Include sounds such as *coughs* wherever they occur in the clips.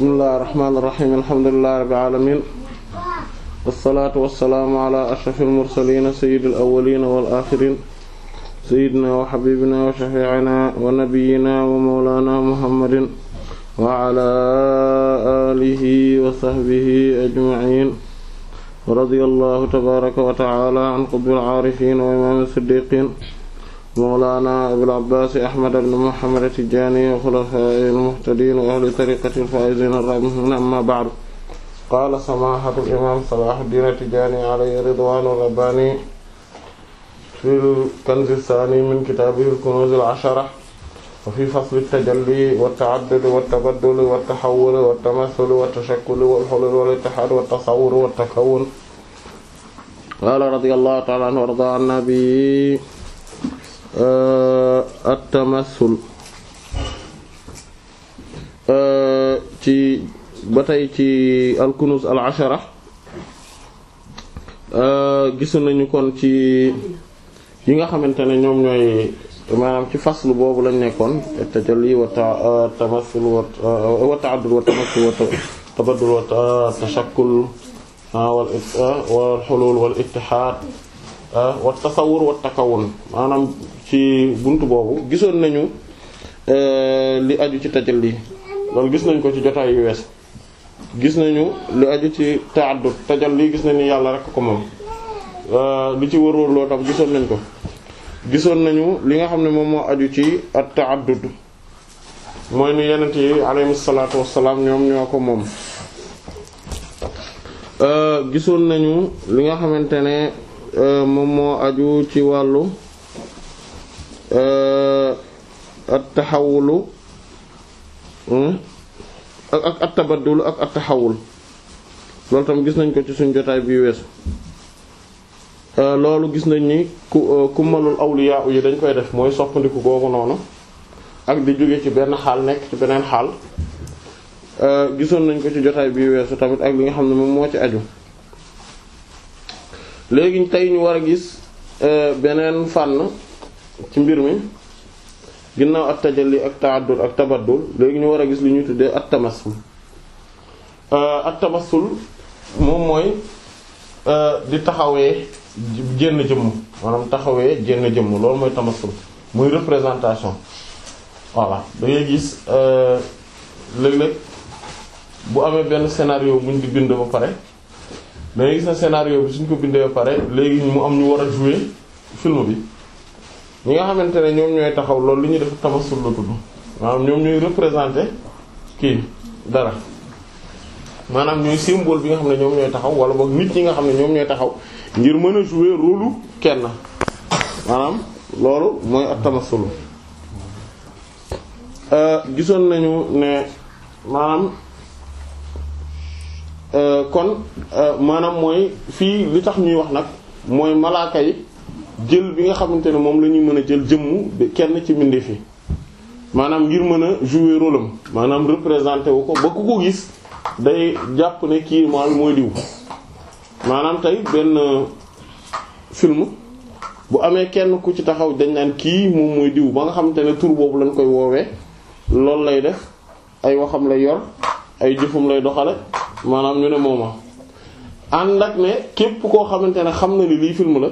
bismillahir rahmanir rahim alhamdulillahi rabbil alamin wassalaatu wassalaamu ala ashrafil mursaliin sayyidil awwaliin wal aaxiriin sayyidinaa wa habiibinaa wa shafii'inaa wa nabiyyinaa wa mawlaanaa muhammadin wa ala aalihi wa sahbihi ajma'iin radiyallaahu tabaaraka wa ta'aalaa an qutbil aarifiin wa imaamil siddiiqiin mawlaana abil abbaas ahmad ibn muhammad at-tijaani wa xulafaa'ihi al-muhtadiin wa ahli tariiqatihi al-faa'iziina ar-raabihiin amma ba'du qaala samaahatu imaam salaahudiin at-tijaani alayhi ridwaanu rabbaani fil kanzi saani min kitaabihi al-kunuuz al-ashara wa fii fasli at-tajalli wat-ta'addud wat-tabaddul wat-tahawwul wat-tamathul wat-tashakkul wal-hulul wal-ittihaad wat-tasawwur wat-takawwun qaala radiyallaahu ta'aalaa anhu wa ardaa an-nabi Euh, at-tamassul euh, ci ba tey ci al-kunuz al-ashara euh, gisu nañu kon ci yi nga xamante ne ñoom ñooy maanaam ci faslu boobu lañ nekkoon tajalli wa tamassul wa ta'addud wa tamassul wa tabaddul wa tashakkul wal wal hulul wal ittihad wa tasawwur wa takawun maanaam ci bunt boobu gisoon nañu euh, li aju ci tajalli loolu gis nañ ko ci jotaay yu wees gis nañu li aju ci ta'addud lii gis nañu yàlla rek ko moom euh, li ci wërwër tam gisoon nañ ko gisoon nañu li nga xam ne moom moo aju ci at ta'addud mooy ni yenent yi ñoom ñoo moom euh, gisoon nañu li nga xamante ne moom moo aju ci wàllu at taxawulu hmm? ak ak at tabaddulu ak at taxawul loolu tam gis nañ ko ci suñ jotaay bi weesu loolu gis nañ ni ku e, kumalul awliya yi dañ koy def mooy soppandiku googu noonu ak di jóge ci benn xaal nekk ci beneen xaal gisoon nañ ko ci jotaay bi weesu tamit ak li nga xam ne moom moo ci aju léegi tey ñu war a gis e, beneen fànn ci mbir mi ginnaaw at tajalli ak ta'addud ak tabaddul léegi ñu war a gis lu ñuy tuddee at tamassul euh, at tamassul moom mooy euh, di taxawee jénn jëmm maanaam taxawee jénn jëmm loolu mooy tamassul muy représentation voilà da ngay gis euh, léeg-léeg bu amee benn scénario buñ di bind ba pare da ngay gis na scénario bi suñ ko bindee ba pare léegi mu am ñu war a jouer film bi ñi nga xamante ne ñoom ñooy taxaw loolu li ñuy def tabasul la tudd waaw ñoom ñooy représenté kii dara maanaam ñooy symbole bi nga xam ne ñoom ñooy taxaw wala boog nit ñi nga xam ne ñoom ñooy taxaw ngir mën a jouer rôle kenn maanaam loolu mooy at tamassul euh, gisoon nañu ne maanaam euh, kon euh, maanaam mooy fii li tax ñuy wax nag mooy malaaka yi jël bi nga xamante ne moom la ñuy mën a jël jëmmu kenn ci mbindeef yi maanaam ngir mën a jouer rôle am maanaam représenter wu ko ba ku ko gis day jàpp ne kii maanaam mooy diw maanaam tey benn film bu amee kenn ku ci taxaw dañ naan kii moom mooy diw ba nga xamante ne tur boobu lañ koy woowee loolu lay def ay waxam lay yor ay jëfum lay doxale maanaam ñu ne mooma ànd ak ne képp koo xamante ne xam na ni lii film la.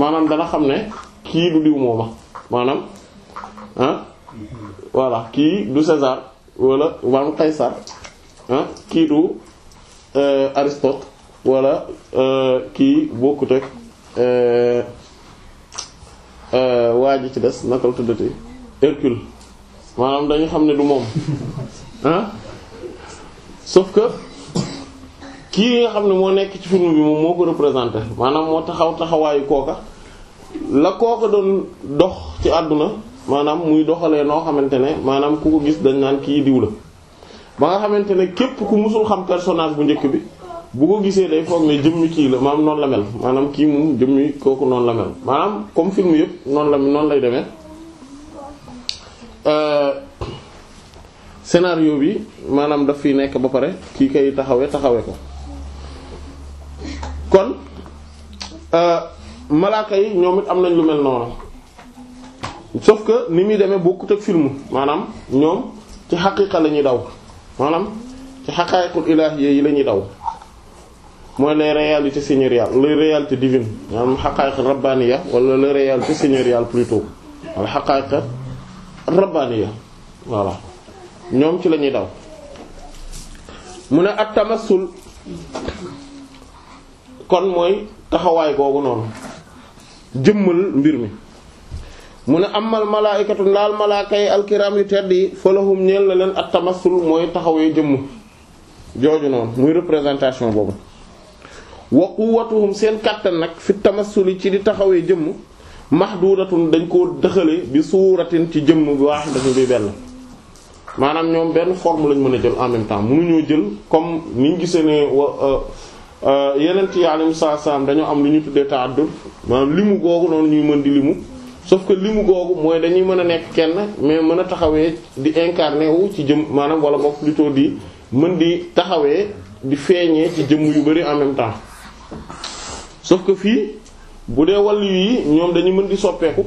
maanaam dana xam ne kii du diw mooma maanaam ah voilà kii du César wala maanaam Qaysar ah kii du euh, Aristote wala euh, kii bokkut ak euh, waa ji ci des naka la tuddati Hercule maanaam dañu xam ne du moom ah sauf kii nga xam ne moo nekk ci film bi moom moo ko représenté maanaam moo taxaw taxawaayu kooka la kooka doon dox ci àdduna maanaam muy doxalee noo xamante ne maanaam ku ko gis dañ naan kii diw la ba nga xamante ne képp ku musul xam personnage bu njëkk bi bu ko gisee day foog ne jëmmi kii la maanaam noonu la mel maanaam kii moom jëmmi kooku noonu la mel maanaam comme film yëpp noonu la noonu lay demee euh, scénario bi maanaam daf fi nekk ba pare kii kay taxawe taxawee ko kon euh, malaaka yi ñoom it am nañ lu mel noonu sauf que ni muy demee bokkut ak film maanaam ñoom ci xaqiiqa la ñuy daw maanaam ci xaqaayiqul ilaahiyya yi la ñuy daw mooy les réalités seigneuriales les réalités divines maanaam xaqaayiq rabbaniya wala les réalités seigneuriales plutôt wala xaqaayiq ya voilà ñoom ci la ñuy daw mu ne at tamassul kon mooy taxawaay googu noonu jëmmal mbir mi mu ne amal malaayikatu laal malaaka yi alkiram yu tedd yi falahum ñeel ak leen mooy taxawee jëmm jooju noonu muy représentation boobu wa quwwatuhum seen kàttan nag fi tamassul yi ci di taxawee jëmm mahdudatun dañ ko dëxale bi suuratin ci jëmm bi waaxidatun bi benn maanaam ñoom benn forme lañ mën a jël en même temps ñoo jël comme niñ gisee ne euh, Euh, yeneen ci alayhi salaam dañoo am lu ñu tuddee ta'addud maanaam limu googu noonu ñuy mën di limu sauf que limu googu mooy dañuy mën a nekk kenn mais mën a taxawee di incarné wu ci jëm maanaam wala boog plutôt di mën di taxawee di feeñee ci jëmm yu bari en même temps sauf que fii bu dee wàllu yi ñoom dañuy mën di soppeeku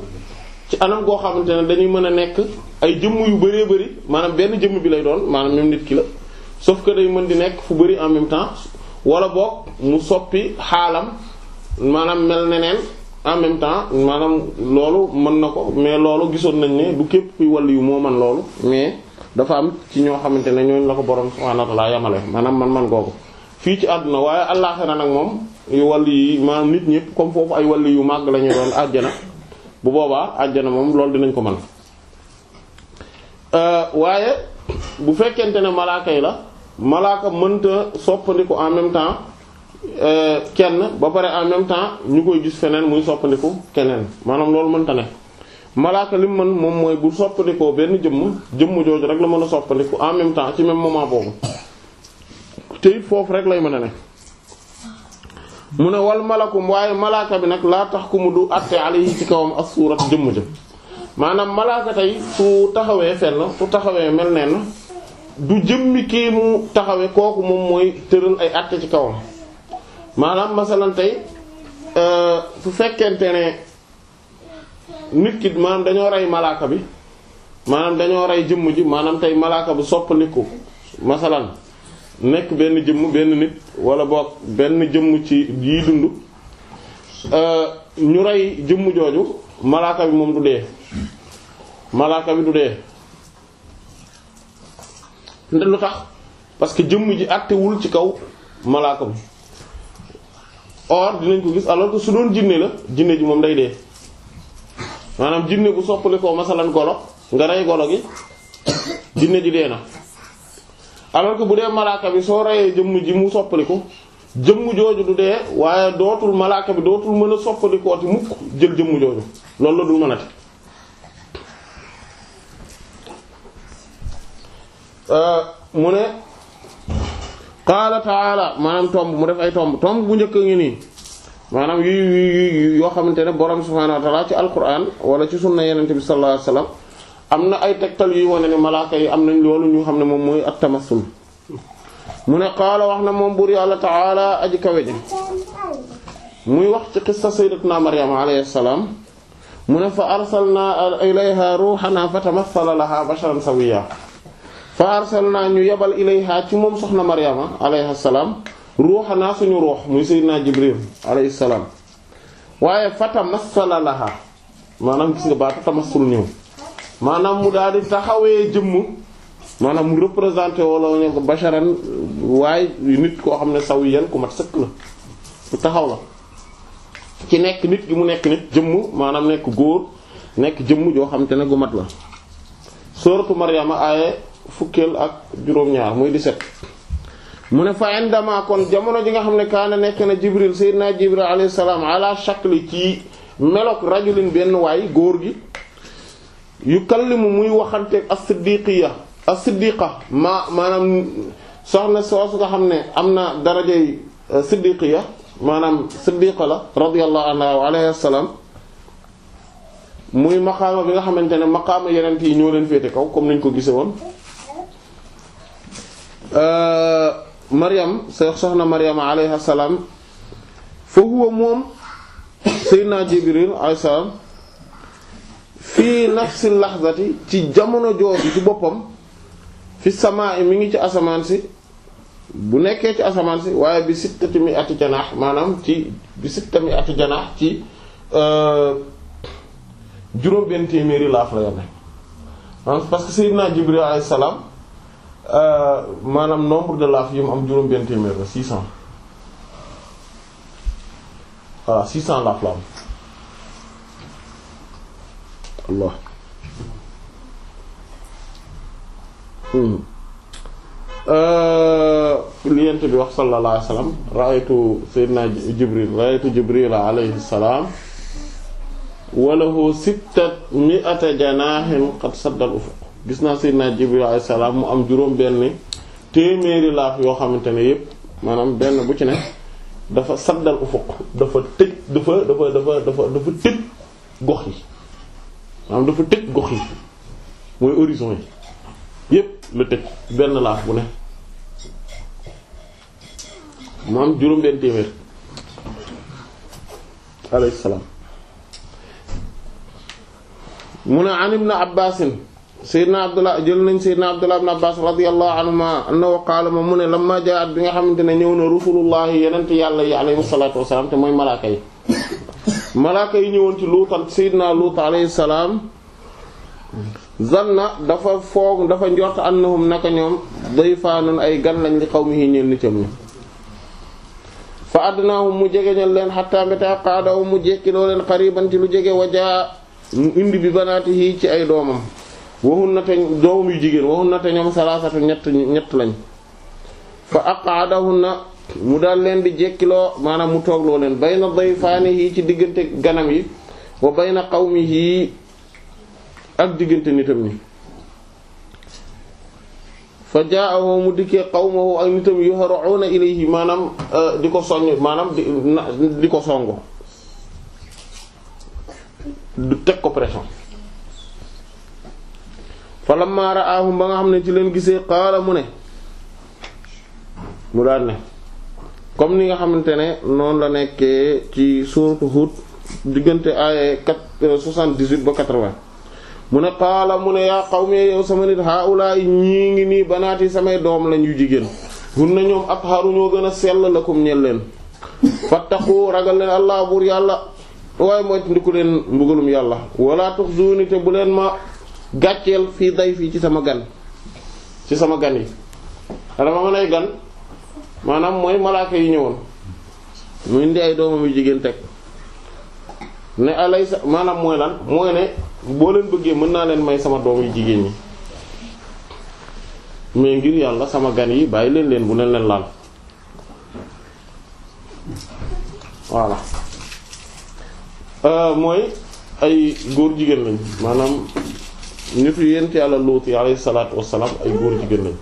ci anam goo xamante ne dañuy mën a nekk ay jëmm yu bëree bëri maanaam benn jëmm bi lay doon maanaam même nit ki la sauf que day mën di nekk fu bëri en même temps wala boog mu soppi xaalam maanaam mel neneen en même temps maanaam loolu mën na ko mais loolu gisoon nañ ne bu képp kuy wàll yu moo man loolu mais dafa am ci ñoo xamante ne ñooñu la ko borom subhaanahu wa ta'aala yamale maanaam man man googu fii ci àdduna waaye àllaaxira nag moom yu wàll yi maanaam nit ñëpp comme foofu ay wàll yu màgg la ñu doon àjjana bu boobaa àjjana moom loolu dinañ ko man euh, waaye bu fekkente ne malaaka yi la malaaka mënta soppandiku en même temps euh, kenn ba pare en même temps ñu koy gis feneen muy soppandiku keneen maanaam loolu mënta ne malaaka li mu mën moom mooy bu soppandikoo benn jëmm jëmm jooju rek la mën a soppandiku en même temps ci même moment boobu te it foofu rek lay mën a ne mu ne wal malakum waaye malaaka bi nag laa tax ku mu du àtte yi ci kawam ak suurat jëmm jëm maanaam malaaka tey su taxawee fenn su taxawee mel nenn du jëmmi kii mu taxawe kooku moom mooy tëral ay àtte ci kawam maanaam masalan tey euh, su fekkente ne nit ki maanaam dañoo rey malaaka bi maanaam dañoo rey jëmm ji maanaam tey malaaka bi soppaliku masalan nekk benn jëmm benn nit wala boog benn jëmm ci yi dund euh, ñu rey jëmm jooju malaaka bi moom du dee malaaka bi du dee nde lu tax parce que jëmm ji àttewul ci kaw malaaka bi or dinañ ko gis alors que su doon jinne la jinne ji moom day dee maanaam jinne bu soppali ko masalan golo nga rey golo gi jinne ji dee na alors que bu dee malaaka bi soo reyee jëmm ji mu soppali ko jëmm jooju du dee waaye dootul malaaka bi dootul mën a soppalikooti mukk jël jëmm jooju loolu la dul mënati Euh, mu ne qaala taala maanaam tomb mu def ay tomb tomb bu njëkk ngi nii maanaam yu yoo xamante ne borom subhaanahu wa taala ci alquran wala ci sunna yenente bi sallallahu am na ay tegtal yuy wane ne malaaka yi am nañ loolu ñu xam ne moom mooy at-tamassul mu ne qaala wax na moom buur yàlla taala aji kawe ji muy wax ci qissa sayyidatuna maryam alayhi salaam mu ne fa arsalna ilayha ruuhanaa fa tamassala lahaa sa sawiyyaa fa arsalnaa ñu yebal ilayha ci moom soxna Maryama alayha salaam ruuxanaa suñu ruux muy sayyidina Jibril alayhi salaam waaye fa tamassala maanaam gis nga baatu tamassul ñëw maanaam mu daal di taxawee jëmm maanaam mu représenté wala ñu ko basharan waaye nit koo xam ne saw yan ku mat sëkk la ku taxaw la ci nekk nit gi mu nekk nit jëmm maanaam nekk góor nekk jëmm joo xam te ne gu mat la sooratu Maryama aaye fukkeel ak juróom-ñaar muy 17 mu ne fa indama kon jamono ji nga xam ne kaana nekk na jibril sayyidina jibril alayhi salaam ala shakli ci melok rajulin benn waay góor gi yu kallimu muy waxante as-siddiqiya as-siddiqa ma maanaam soxna soosu nga xam ne am na darajay euh, siddiqiya maanaam siddiqa la radiyallahu anha wa alayhi salaam muy maqaama bi nga xamante ne maqaama yeneen yi ñoo leen féete kaw comme niñ ko gise woon Euh, Maryam soxna Maryam alayha salaam fa huwa moom Seydina Jibril alayhi salaam fii nafsi lahzati ci jamono jooju ci boppam fi samaa'i mu ngi ci asamaan si bu nekkee ci asamaan si waaye bi sittati mi ati janaax maanaam ci bi sittati mi ati janaax ci euh, juróom benn téeméeri laaf la yàlla parce que Seydina Jibril alayhi salaam Euh, maanaam nombre de laaf yi mu am juróom benn téeméer la six cent voilà six cent laaf la am Allah hmm. euh, li yent bi wax sallallahu alayhi wa sallam ra'aytu sayyidina Jibril ra'aytu Jibril alayhi salaam wa lahu sittata janaahin qad sadda al gis naa Seydina Jibril alayhi salaam mu am juróom benn téeméeri laaf yoo xamante ne yépp maanaam benn bu ci ne dafa saddal ufuq dafa tëj dafa dafa dafa dafa tëj gox yi maanaam dafa mooy horizon yi yépp la tëj benn laaf bu ne mu am juróom benn téeméer alayhi salaam mu ne an ibn Abbaasin Seydina Abdullah jël nañ Seydina Abdullah ibn Abbas radiyallahu anhuma annahu qaala mu ne lamma jaat bi nga xamante ne ñëw na rusulullahi yenent yàlla yi alayhi salaatu wasalaam te mooy malaaka yi malaaka yi ñëwoon ci Luutal Seydina Luut alayhi salaam zanna dafa foog dafa njort annahum naka ñoom dayfaanun ay gan lañ li qawmihi ñeel nitam ñi fa adnaahum mu jegeñal leen xatta mbéta mu jekkiloo leen qariban ci lu jege wajaa mu indi bi banaatihi ci ay doomam waxun na te jigéen waxun na te ñoom salaasatu ñett ñett lañ fa aq'adahunna mu daal leen di jekkiloo maanaam mu toogloo leen bayna dayfaanihi ci diggante ganam yi wa bayna qawmihi ak diggante nitam ñi fa jaahu mu dikkee qawmahu ak nitam yuharuna ilayhi maanaam euh, di ko soññ maanaam di ko songo teg ko fa lammaa ra'aahum ba nga xam ne ci leen gisee qaala mu ne mu daal ne comme ni nga xamante ne noonu la nekkee ci suuratu Hud diggante aaya 78 euh, ba 80 mu ne qaala mu ne yaa qawmi yow sama nit haa'ulaa ñii ngi nii banaati samay doom lañu jigéen hunna ñoom atharu ñoo gën a sell lakum ñel leen fattaqu ragal leen allah buur yàlla waaye mooy ndiku leen mbugalum yàlla wala tuxzuuni te bu leen ma gàcceel fii day fii ci sama gan ci sama gan yi dama mën ay gan maanaam mooy malaaka yi ñëwoon mu indi ay doomam yu jigéen teg ne alay sa maanaam mooy lan mooy ne boo leen bëggee mën naa leen may sama doom yu jigéen ñi mais ngir yàlla sama gan yi bàyyi leen leen bu leen leen laal voilà euh, mooy ay góor jigéen lañ maanaam nitu yent yàlla luut yi alayhi salaatu wassalaam ay góor jigéen lañ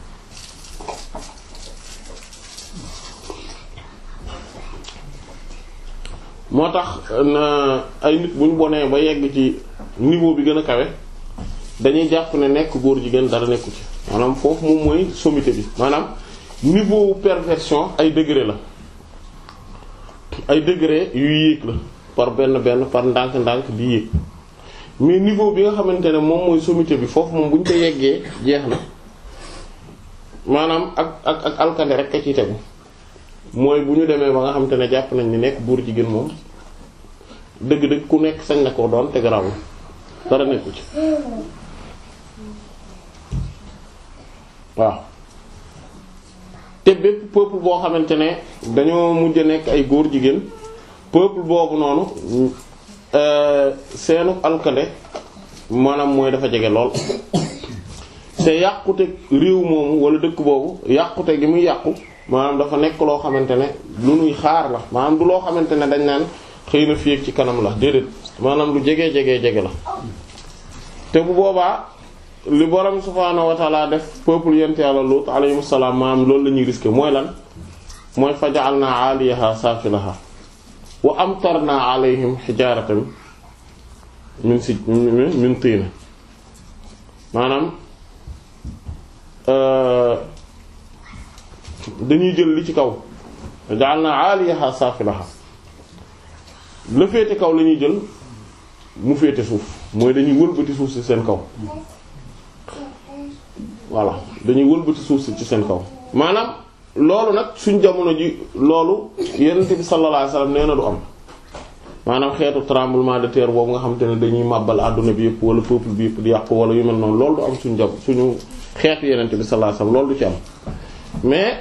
moo tax na ay nit buñ bonee ba yegg ci niveau bi gën a kawe dañuy jàpp ne nekk góor jigéen dara nekku ci maanaam foofu moom mooy sommité bi maanaam niveau perversion ay degré la ay degré yu yéeg la par benn benn par ndànk-ndànk di yéeg mais niveau bi nga xamante ne moom mooy sommité bi foofu moom bu ñu ko yeggee jeex na maanaam ak ak ak alkande rek ka ciy tegu mooy bu ñu demee ba nga xamante ne jàpp nañ ni nekk buur jigéen moom dëgg-dëgg ku nekk sañ na ko doon te garaawul dara nekku ci waaw te bépp peuple boo xamante ne dañoo mujj nekk ay góor jigéen peuple boobu noonu Euh, seenu alkande maanaam mooy dafa jege lool *coughs* te yàqute réew moomu wala dëkk boobu yàqute gi muy yàqu maanaam dafa nekk loo xamante ne lu nuy xaar la maanaam du loo xamante ne dañ naan xëy na fii ak ci kanam la déedéet maanaam lu jege jege jege la te bu boobaa li borom subhaanahu wa ta'ala def peuple yent yàlla Luut alayhi salaam maanaam loolu la ñuy risqué mooy lan mooy faja'alnaa 'aaliyahaa saafilahaa wa amtarna alayhim xijaaratan min si min tiin maanaam euh, dañuy jël li ci kaw ja'alna 'aliyaha safilaha la féete kaw la ñuy jël mu féete suuf mooy dañuy wëlbati suuf si seen kaw voilà dañuy wëlbati suuf si ci seen kaw maanaam loolu nag suñu jamono ji loolu yonent bi sallallahu alayhi wasallam na du am maanaam xeetu tremblement de terre boobu nga xam te ne dañuy màbbal àdduna bi yëpp wala peuple bi yëpp di yàqu wala yu mel noonu loolu du am suñ jam suñu xeet yonent bi sallallahu alayhi loolu du ci am mais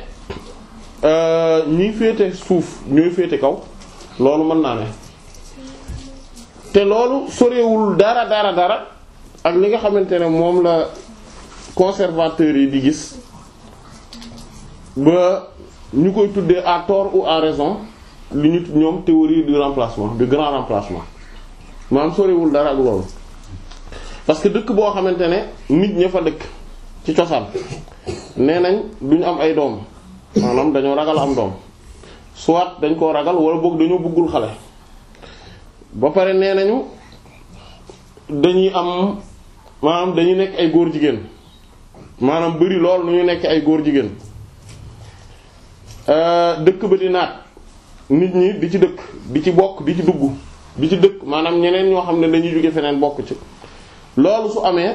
euh, ñuy féete suuf ñooy féete kaw loolu mën naa ne te loolu sorewul dara dara dara ak li nga xamante ne moom la conservateurs yi di gis ba ñu koy tuddee à tort ou à raison lu ñu ñoom théorie du remplacement du grand remplacement maanaam soriwul dara ak loolu parce que dëkk boo xamante ne nit ña fa dëkk ci cosaan nee nañ duñu am ay doom maanaam dañoo ragal am doom soit dañ koo ragal wala boog dañoo buggul xale ba pare nee nañu dañuy am maanaam dañuy nekk ay góor jigéen maanaam bari lool nu ñu nekkee ay góor jigéen Euh, dëkk ba di naat nit ñi di ci dëkk di ci bokk di ci dugg di ci dëkk maanaam ñeneen ñoo xam ne dañuy jóge feneen bokk ci loolu su amee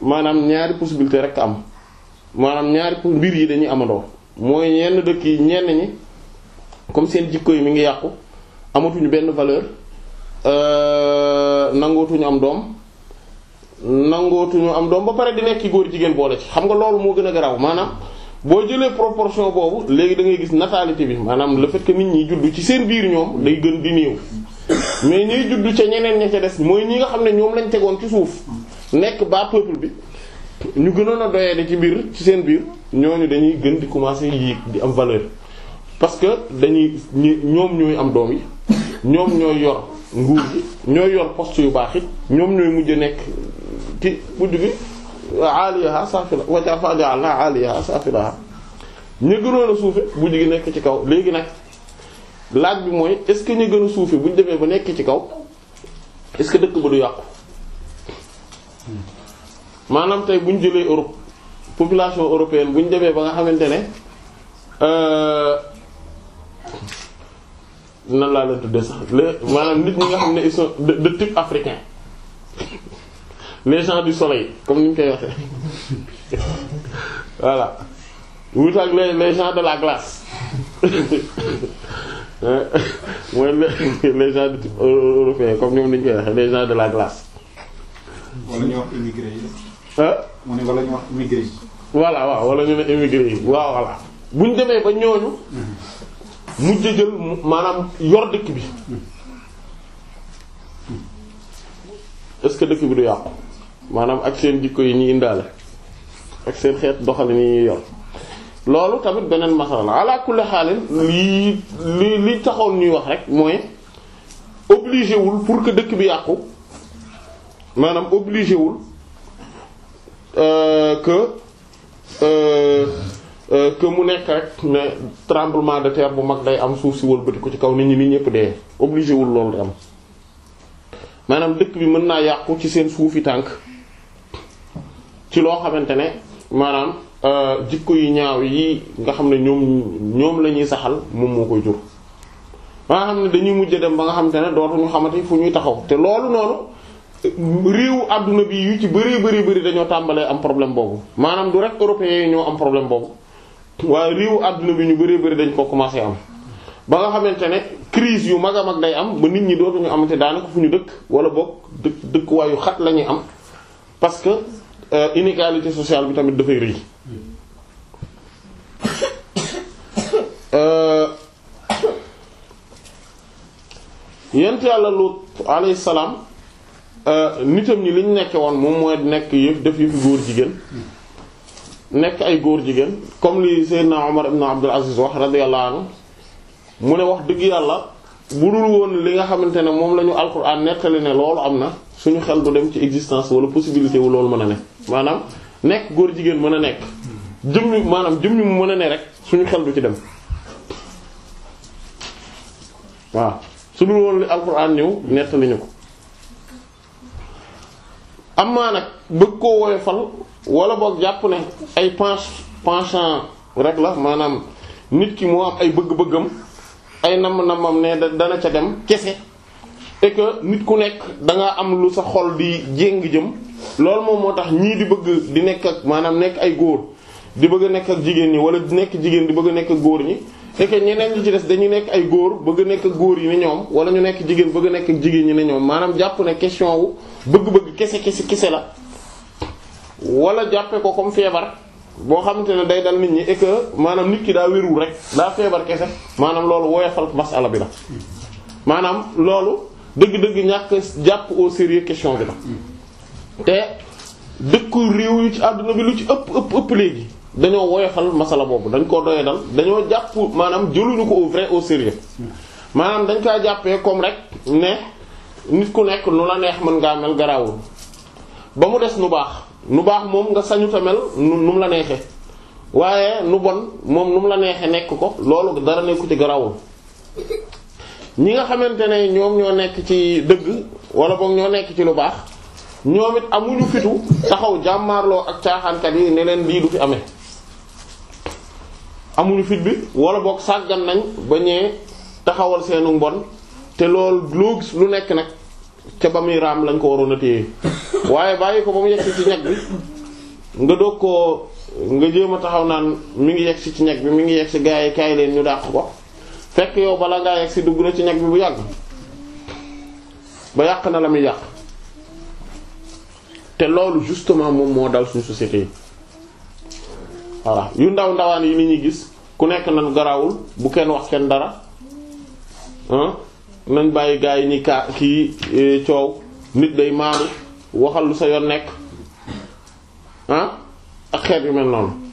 maanaam ñaari possibilité rek am maanaam ñaari mbir yi dañuy amandoo mooy yenn dëkk yi ñenn ñi comme seen jikko yi mi ngi yàqu amatuñu benn valeur euh, nangootuñu am doom nangootuñu am doom ba pare di nekk góor jigéen boole ci xam nga loolu moo gën a garaaw maanaam boo jëlee proportion boobu léegi da ngay gis natalité bi maanaam la fait nit ñi juddu ci seen biir ñoom day gën di néew mais ñiy juddu ca ñeneen ña ca des mooy ñi nga xam ne ñoom lañ tegoon ci suuf nekk ba peuple bi ñu gënoon a doyee ci biir ci seen biir ñooñu dañuy gën di commencer yéeg di am valeur parce que dañuy ñoom ñooy am doom yi ñoom ñooy yor nguur gi ñooy yor poste yu baax it ñoom ñooy mujj nekk ki mujj gi aaliyaha saafila wacaa fa ja'alna aaliyaha saafilaha ñu gënoon a suufe bu jigi nekk ci kaw léegi nag laaj bi mooy est-ce que ñu gën a suufe buñ demee ba nekkee ci kaw est-ce que dëkk ba du yàqu maanaam tey buñ jëlee Europe population bu ñu demee ba nga xamante ne euh, nan laa leen tuddee sax maanaam nit ñi nga xam ne ils sont de type africain les gens du soleil comme ni ñu koy waxee voilà wut ak de la glace *laughs* mooy les les gens ñu mu ne wala yi. waaw wala ñu demee ba ñooñu. mujj jël maanaam yor dëkk bi. est-ce que dëkk bi du yàqu. maanaam ak seen jikko yi ñu indaale ak seen xeet doxalin yi ñuy yor loolu tamit beneen masala ala kulli xaalin lii li taxoon ñuy wax rek mooy obligé wul pour que dëkk bi yàqu maanaam obligé wul euh, que euh, euh, que mu nekk rek ne tremblement de terre bu mag day am suuf si wëlbati ko ci kaw nit ñi nit ñëpp dee obligé wul loolu am maanaam dëkk bi mën naa yàqu ci seen suufi tànk ci loo xamante ne maanaam euh, jikko yu ñaaw yi nga xam ne ñoom ñoom la ñuy saxal moom moo koy jur ba nga xam ne dañuy mujj dem ba nga xamante ne dootuñu xamati fu ñuy taxaw te loolu noonu réewu àdduna bi yu ci bari bari bari dañoo tàmbalee am problème boobu maanaam du rek ñoo am problème boobu waaye réewu àdduna bi ñu bari bari dañ ko commencé am ba nga xamante ne crise yu mag a mag day am ba nit ñi dootuñu amante daanaka fu ñu dëkk wala boog dëkk dëkkuwaay xat lañuy am parce Euh, inégalité sociale bi tamit dafay rëy euh, yent yàlla Luut alayhi salaam euh, nitam ñi liñ nekkee woon moom mooy nekk yëf def yëfi góor jigéen nekk ay góor jigéen comme li Seydina Omar ibn Abdul Aziz wax radiyallahu anhu mu ne wax dëgg yàlla bu dul woon li nga xamante ne moom la ñu alquran nettali ne loolu am na ñu xel du dem ci existence wala possibilité wu loolu mën a ne maanaam nekk góor jigéen mën a nekk jëm ñu maanaam jëm ñu mu mën a ne rek suñu xel du ci dem waaw su dul woon li alxuraan ñëw nettali ñu ko maa nag bëgg koo woyofal wala boog jàpp ne ay penche penchant rek la maanaam nit ki moo am ay bëgg-bëggam ay namm-nammam ne dana ca dem kese et que nit ku nekk da nga am lu sa xol di jéng jëm loolu moom moo tax ñii di bëgg di nekk ak maanaam nekk ay góor di bëgg a nekk ak jigéen ñi wala nekk jigéen di bëgg a nekk ak góor ñi et que ñeneen ñi ci des dañuy nekk ay góor bëgg a nekk ak góor yi ne ñoom wala ñu nekk jigéen bëgg a nekk ak jigéen ñi ne ñoom maanaam jàpp ne question wu bëgg-bëgg kese kese kese la wala jàppe ko comme feebar boo xamante ne day dal nit ñi et que maanaam nit ki daa wérul rek daa feebar kese maanaam loolu woyofal masala bi la maanaam dëgg-dëgg ñàkk jàpp au sérieux question bi la te dëkku réew yu ci àdduna bi lu ci ëpp ëpp ëpp léegi dañoo woyofal masala boobu dañ koo doyee dal dañoo jàpp maanaam jëluñu ko au vrai au sérieux maanaam dañ kaa jàppee comme rek ne nit ku nekk nu la neex mën ngaa mel garaawul ba mu des nu baax nu baax moom nga sañu ta mel nu mu la neexee waaye nu bon moom nu mu la neexee nekk ko loolu dara nekku ci garaawul ñi nga xamante ne ñoom ñoo nekk ci dëgg wala boog ñoo nekk ci lu baax ñoom it amuñu fitu taxaw jàmmaarloo ak caaxaankat yi ne leen lii du fi amee amuñu fit bi wala boog sàggan nañ ba ñee taxawal seenu mbon te lool loo lu nekk nag te ba muy raam lañ ko waroon a téye waaye bàyyi ko ba mu yegsi ci ñag bi nga doog ko nga jéem a taxaw naan mu ngi yegsi ci ñag bi mi ngi ci gaa yi kaay leen ñu dàq ko fekk yow bala ngaa yegg si dugg na ci ñag bi bu yàgg ba yàq na la muy yàq te loolu justement moom moo dal suñu société yi voilà yu ndaw ndawaan yi ni ñuy gis ku nekk nan garawul bu kenn wax kenn dara nañ bàyyi gaa yi ni kaa ki e, coow nit day maanu waxal lu sa yoon nekk ak xeet yu mel noonu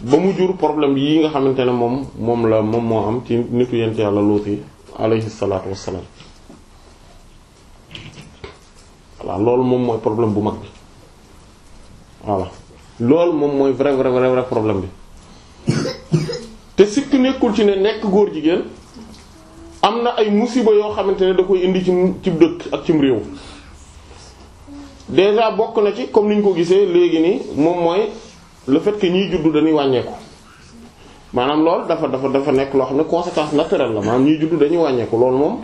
ba mu jur problème yi nga xamante ne moom moom la moom moo am ci nitu yent yàlla Luut yi alayhi salaatu wassalaam voilà loolu moom mooy problème bu mag bi voilà loolu moom mooy vrai vrai vrai vrai bi te sikk nekkul ci ne nekk góor jigéen am na ay musiba yoo xamante ne da koy indi ci ci dëkk ak cim réew déjà bokk na ci comme niñ ko gisee léegi nii moom mooy le fait ñuy ñiy juddu dañuy wàññeeku maanaam loolu dafa dafa dafa nekk loo xam ne conséquence naturelle la maanaam ñiy juddu dañuy wàññeeku loolu moom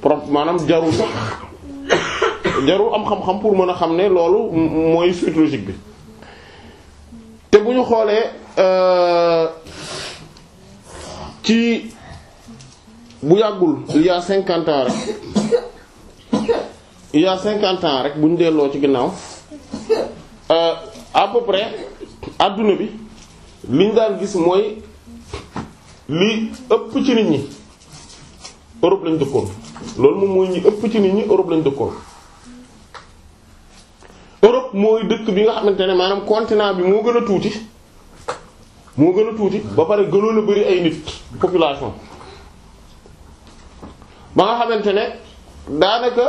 prop maanaam jarul sax jarul am xam-xam pour mën a xam ne loolu mooy suite bi te bu ñu xoolee euh, ci bu yàggul il y a cinquante ans rek il y cinquante ans rek bu ñu delloo ci ginnaaw euh, à près àdduna bi liñ daan gis mooy li ëpp ci nit ñi Europe lañ dëkkoon loolu moom mooy ñi ëpp ci nit ñi Europe lañ dëkkoon Europe mooy dëkk bi nga xamante ne maanaam continent bi moo gën a tuuti moo gën a tuuti ba pare gënoon a bari ay nit population ba nga xamante ne daanaka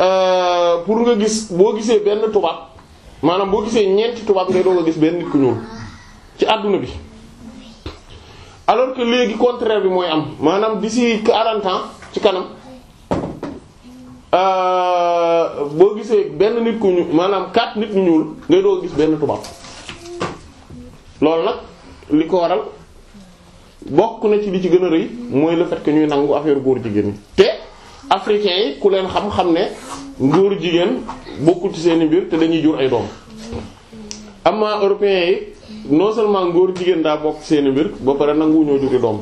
euh, pour nga gis boo gisee benn tubaab maanaam boo gisee ñeenti tubaab ngay doog a gis benn nit ku ñuul ci àdduna bi alors que léegi contraire bi mooy am maanaam d'ici 40 ans ci kanam euh, boo gisee benn nit ku ñuul maanaam quatre nit ñu ñuul ngay doog a gis benn tubaab loolu nag li ko waral bokk na ci li ci gën a rëy mooy la fait ñuy nangu affaire góor jigéen ñi te africains yi ku leen xam-xam ne. ngóoru jigéen bokkul ci seen i mbir te dañuy jur ay doom amma européens yi non seulement ngóoru jigéen daa bokk seen i mbir ba pare nangu ñoo juri doom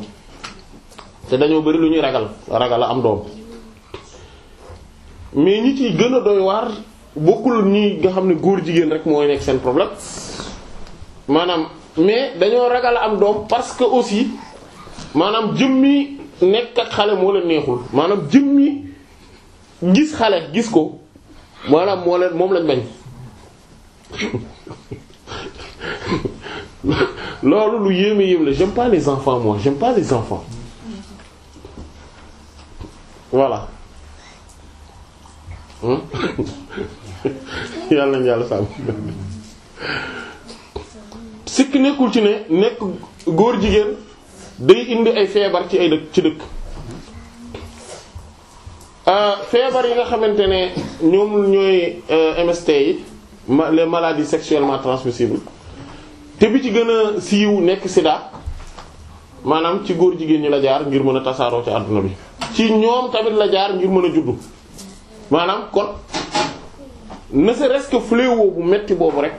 te dañoo bari lu ñuy ragal ragal am doom mais ñi ci gën a doy waar bokkul ñi nga xam ne góor jigéen rek mooy nekk seen problème maanaam mais dañoo ragal am doom parce que aussi maanaam jëmmi nekk ak xale moo leen neexul maanaam jëmmi gis xale gis ko maanaam moo leen moom lañ bañ loolu lu yéeme yéem la j'aime pas les enfants moi j'aime pas les *laughs* yàlla nañu yàlla sàmm sikk nekkul ci ne nekk góor jigéen day indi ay feebar ci ay dëkk ci dëkk Euh, feebar yi nga xamante ne ñoom ñooy euh, MST yi les maladies sexuellement transmissibles te bi ci gën a siiw nekk sida maanaam ci góor jigéen ñi la jaar ngir mën a tasaaroo ci àdduna bi ci ñoom tamit la jaar ngir mën a juddu maanaam kon ne serait-ce que fléau bu metti boobu rek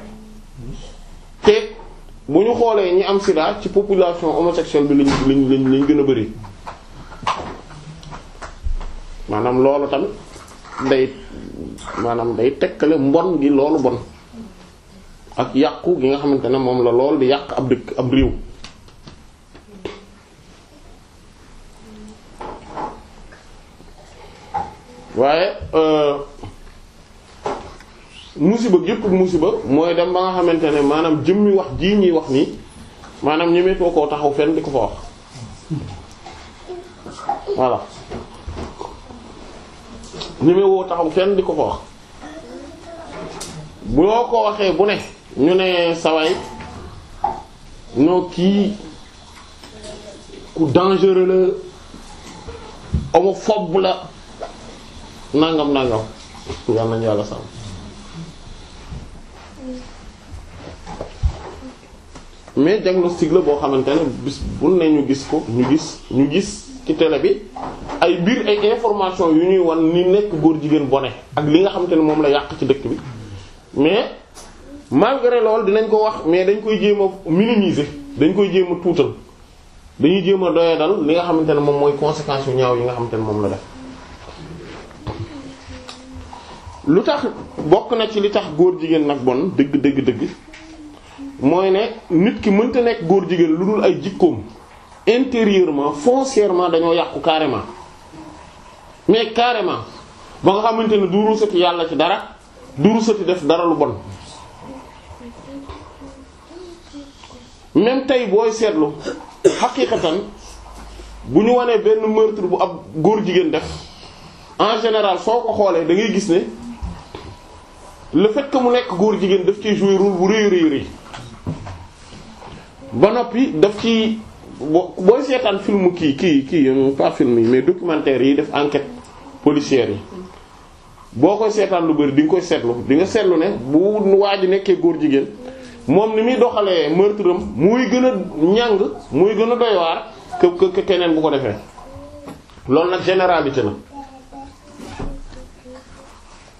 te bu ñu xoolee ñi am sida ci population homosexuelle bi lañ lañ lañ gën a bari maanaam loolu tamit day maanaam day tekkale mbon gi loolu bon ak yàqu gi nga xamante ne moom la lool di yàq ab dëkk ab réew waaye euh, musiba gépp musiba mooy dem ba nga xamante ne maanaam jëmmi wax jii ñuy wax nii maanaam ñemeetoo koo taxaw fenn di ko fa wax voilà ñu taxaw kenn di ko ko wax boo ko waxee bu ne ñu ne saway noo kii ku dangereux la homophobe la nangam nangam yàlla nañ yàlla sàmm mais diagnostic la boo xamante ne bis bu ne ñu gis ko ñu gis ñu gis ci télé bi ay mbir ay information yu ñuy wan ni nekk góor jigéen bone ak li nga xamante ne moom la yàq ci dëkk bi mais malgré loolu dinañ ko wax mais dañ koy jéem a minimiser dañ koy jéem a tuutal dañuy jéem a doyadal li nga xamante ne moom mooy conséquence yu ñaaw yi nga xamante ne moom la def lu tax bokk na ci li tax góor jigéen nag bon dëgg dëgg dëgg mooy ne nit ki mënta nekk góor jigéen lu dul ay jikkoom intérieurement foncièrement dañoo yàqu carrément mais carrément ba nga xamante ne du rusati yàlla ci dara du rusati def dara lu bon même tey booy seetlu xaqiiqatan bu ñu wanee benn meurtre bu ab góor jigéen def en général soo ko xoolee da ngay gis ne le fait que mu nekk góor jigéen daf ci jouer rôle bu rëy rëy rëy ba noppi daf ci boo booy seetaan film kii kii kii pas film yi mais documentaire yi def enquête policière yi boo koy seetaan lu bëri di koy seetlu di nga seetlu ne bu waa ji nekkee góor jigéen moom ni muy doxalee meurtre am muy gën a ñàng muy gën a doy waar que keneen bu ko defee loolu nag général généralité la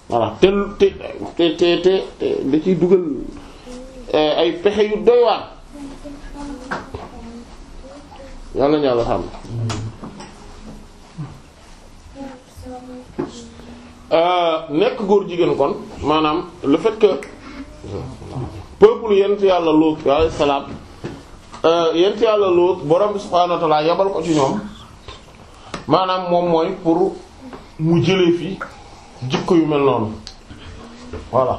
voilà te te te te te da ciy dugal eh, ay pexe yu doy yàlla ñu yàlla xam nekk góor jigéen kon maanaam lu fait que peuple yent yàlla Luut alayhi salaam euh, yent yàlla Luut borom bi subhaanahu wa ko ci ñoom maanaam moom mooy pour mu jëlee fi jikko yu mel noonu voilà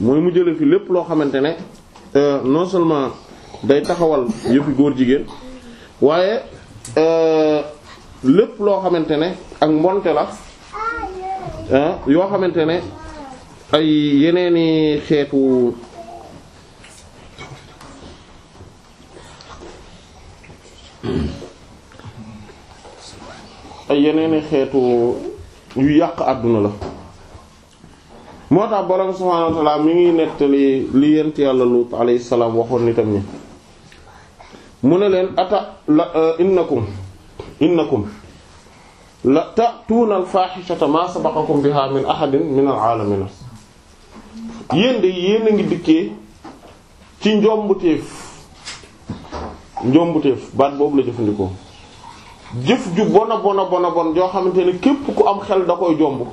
mooy mu jële fi lépp loo xamante ne euh, non seulement day taxawal yëfi góor jigéen waaye euh, lépp loo xamante ne ak mbonte la yoo xamante ne ay yeneeni xeetu ay yeneeni xeetu yu yàq àdduna la moo tax borom subhaanahu wa ngi nettali li yent yàlla Luut alayhi salaam waxoon nitam ñi mu ne leen ata la euh, innakum innakum la ta'tuuna al-faahishata maa sabaqakum bihaa min ahadin min al-'aalamiina yéen de yéen ngi dikkee ci njombuteef njombuteef baat boobu la jëfandikoo jëf ju bona bona bona bon joo xamante ne képp ku am xel da koy jomb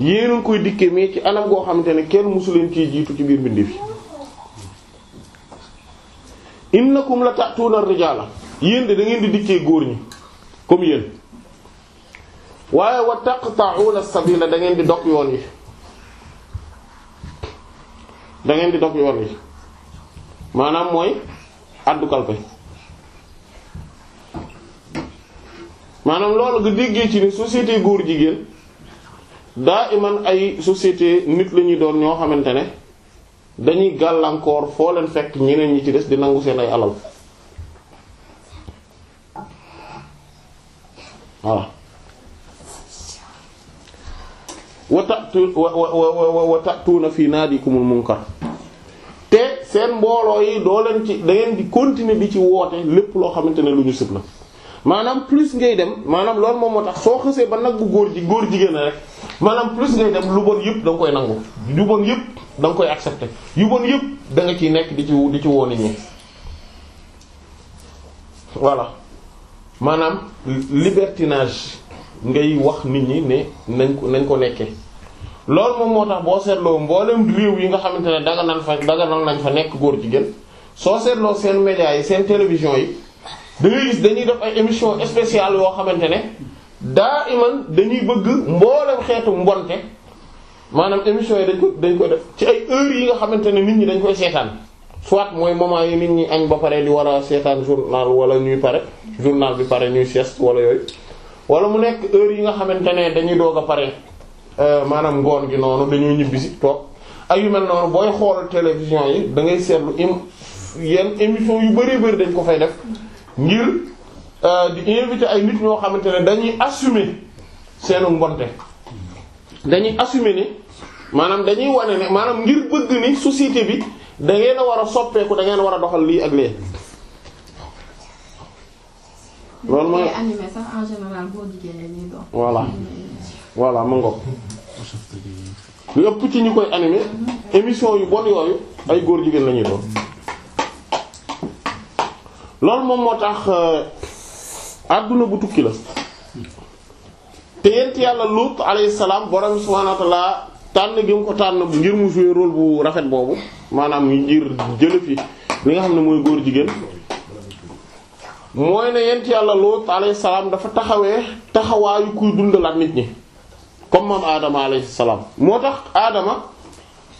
yéen koy dikkee mais ci anam goo xamante ne kenn mësu leen jiitu ci biir mbindeef yi innakum la ta'tuna rijaala yéen de dangeen di dikkee góor ñi comme yéen waaye wa taqta'una sabila da dangeen di dog yoon yi da di dog yoon yi maanaam mooy addu kalpe maanaam loolu nga déggee ci ne société góor jigéen daa iman ay société nit la ñuy doon ñoo xamante ne dañuy gàllankoor foo leen fekk ñeneen ñi ci des di nangu seen ay alal voilà watatu watatuuna fii naadikumul munkar te seen mbooloo yi doo leen ci da di continuer bi ci woote lépp loo xamante ne lu ñu sib la maanaam plus ngay dem maanaam loolu moom moo tax soo xësee ba nag bu góor ji góor jigéen rek maanaam plus ngay dem lu bon yëpp da koy nangu yu bon yëpp danga koy accepter yu bon yëpp da nga ciy nekk di ci di ci woo nit ñi voilà maanaam libertinage ngay wax nit ñi ne nañ ko nañ ko nekkee loolu moom moo tax boo seetloo mboolem réew yi nga xamante ne daganal fa daganal nañ fa nekk góor jigéen soo seetloo seen médias yi seen télévision yi. da dañuy def ay émission spéciale yoo xamante ne daa iman dañuy bëgg mboolem xeetu mbonte maanaam émission yi dañ ko dañ ko def ci ay heures yi nga xamante ne nit ñi dañ koy seetaan soit mooy moment yi nit ñi añ ba pare di war a seetaan journal wala ñuy pare journal bi pare ñuy sieste wala yooyu wala mu nekk heure yi nga xamante ne dañuy doog a pare euh, maanaam ngoon gi noonu dañuy ñibbisi toog ay yu mel noonu booy xool télévision yi da ngay seetlu im yenn émission yu bari bari dañ ko fay def ngir euh, invité ay nit ñoo xamante ne dañuy assumer seenu ngonte dañuy assumer ne maanaam dañuy wane ne maanaam ngir bëgg ni société bi da ngeen war a soppeeku da ngeen war a doxal lii ak lee. loolu mooy animé sax en général boo voilà ma ngoog. lépp ci ñu koy animé mhm. émission yu bon ay góor jigéen lañuy doon. loolu moom moo tax euh, àdduna bu tukki la te yent yàlla Lut alayhi salaam borom subhaanahu tànn gi mu ko tànn ngir mu jouer rôle bu rafet boobu maanaam ngir jëlëf yi li nga xam ne mooy góor jigéen mooy ne yent yàlla Lut alayhi salaam dafa taxawee taxawaayu kuy dundalaat nit ñi comme moom aadama alayhi salaam moo tax aadama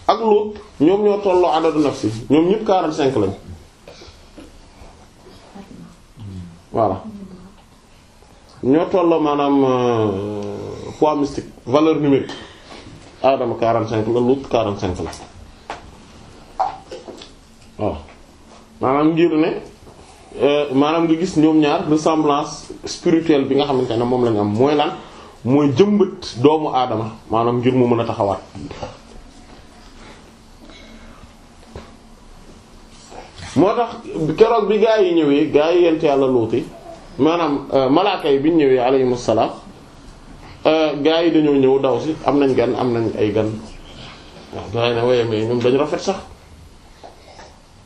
ak Lut ñoom ñoo tolloo adadu nafsi ñoom ñëpp 45 lañ. voilà ñoo tolloo maanaam poids euh, mystique valeur numérique Adama 45 la Lut 45 la waaw maanaam ngir ne euh, maanaam nga gis ñoom ñaar ressemblance spirituelle bi nga xamante ne moom lañ am mooy lan mooy jëmbat doomu aadama maanaam ngir mu mën a taxawaat moo tax keroog bi gaa yi ñëwee gaa yi yent yàlla luuti maanaam euh, malaaka yi bi ñu ñëwee alayhimu salaam euh, gaa yi dañoo ñëw daw si am nañ gan am nañ ay gan waaw gaa yi ne ñoom dañu rafet sax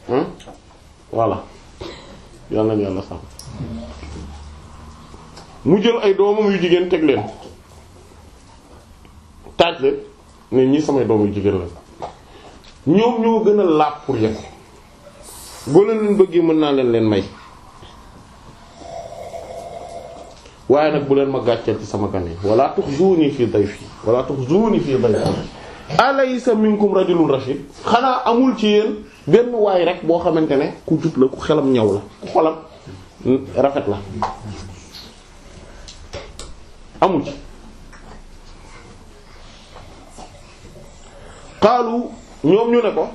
hmm? voilà yal nañu yàlla sax mu jël ay doomam yu jigéen teg leen taaj leen ne ñi samay doom yu jigéen la ñoom ñoo gën a laab pour yéen. boo leen leen bëggee mën naa leen leen may waaye nag bu leen ma gàcceel ci sama gan yi wala tukhzuni fi dayfi wala tukhzuni fi dayfi alaysa minkum rajulun rashid xanaa amul ci yéen benn waay rek boo xamante ne ku jub la ku xelam ñaw la ku xolam rafet la amul ci qaalu ñoom ñu ne ko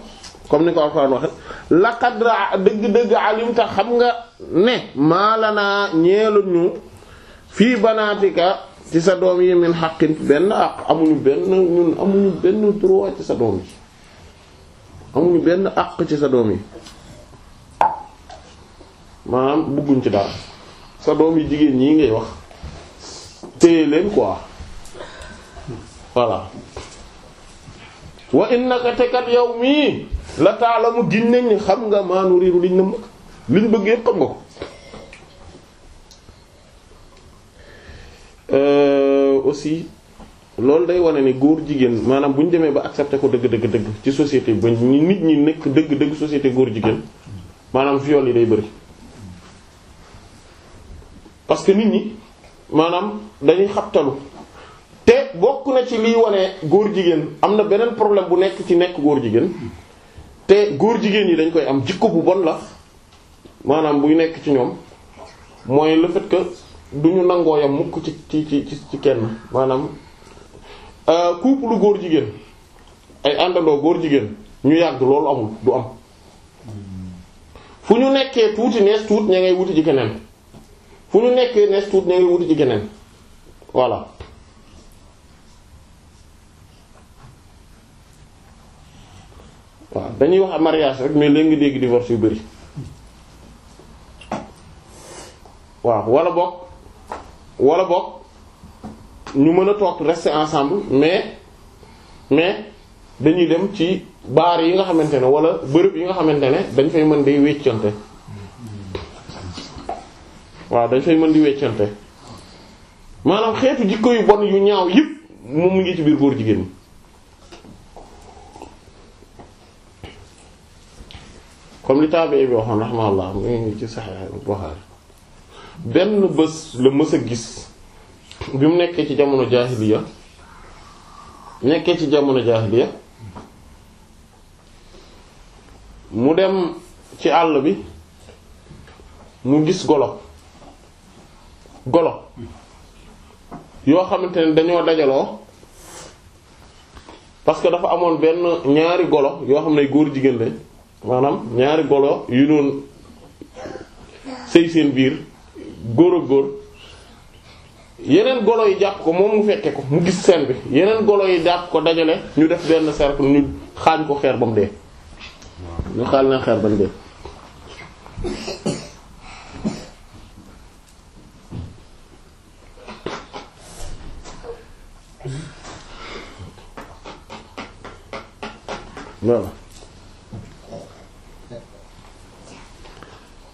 comme ni ko alxuraan waxe laqad ra dëgg-dëgg tax xam nga ne maalanaa ñeelu ñu fii banaatika ci sa doom yi min xaqin benn àq amuñu benn ñun amuñu benn droit ci sa doom yi amuñu benn àq ci sa doom yi maanaam bëgguñ ci dara sa doom yi jigéen ñi ngay wax téye leen quoi voilà wa innaka tekat yow mii la taalamu gin nañ ni xam nga maanu riiru liñ nam liñ bëgg yëpp xam nga ko euh, aussi loolu day wane ne góor jigéen maanaam bu ñu demee ba accepté ko dëgg dëgg dëgg ci société ba nit ñi nekk dëgg dëgg société góor jigéen maanaam viol yi day bëri parce que nit ñi maanaam dañuy xabtalu te bokk na ci liy wane góor jigéen am na beneen problème bu nekk ci nekk góor jigéen te góor jigéen yi dañ koy am jikko bu bon la maanaam buy nekk ci ñoom mooy le fait que du ñu nangoo yam mukk ci ci ci kenn maanaam euh, couple lu góor jigéen ay àndandoo góor jigéen ñu yàgg loolu amul du am fu ñu nekkee tuuti nees tuut ña ngay wuti ci keneen fu ñu nekkee nees tuut ña ngay wuti ci keneen voilà waaw dañuy wax a mariage rek mais léegi nga dégg divorce yu bari waaw wala bokk wala bokk ñu mën a toog rester ensemble mais mais dañuy dem ci baar yi nga xamante ne wala bërëb yi nga xamante ne dañ fay mën di weccante waaw dañ fay mën di weccante maanaam xeetu jikko yu bon yu ñaaw yépp moom mu ngi ci biir góor jigéen ñi comme li taabee bi waxoon rahmaallah mu ngi ci Sahih Bukhari benn bés la mës a gis bi mu nekkee ci jamono jaahiliya nekkee ci jamono jaahiliya mu dem ci àll bi mu gis golo golo yoo xamante ne dañoo dajaloo parce que dafa amoon benn ñaari golo yoo xam ne góor jigéen lañ maanaam ñaari golo yu noonu sëy seen biir góor ak góor yeneen golo yi jàpp ko moom mu fekke ko mu gis seen bi yeneen golo yi jàpp ko dajale ñu def benn cercle ñu xaañ ko xeer ba mu dee ñu xaañ leen xeer ba dee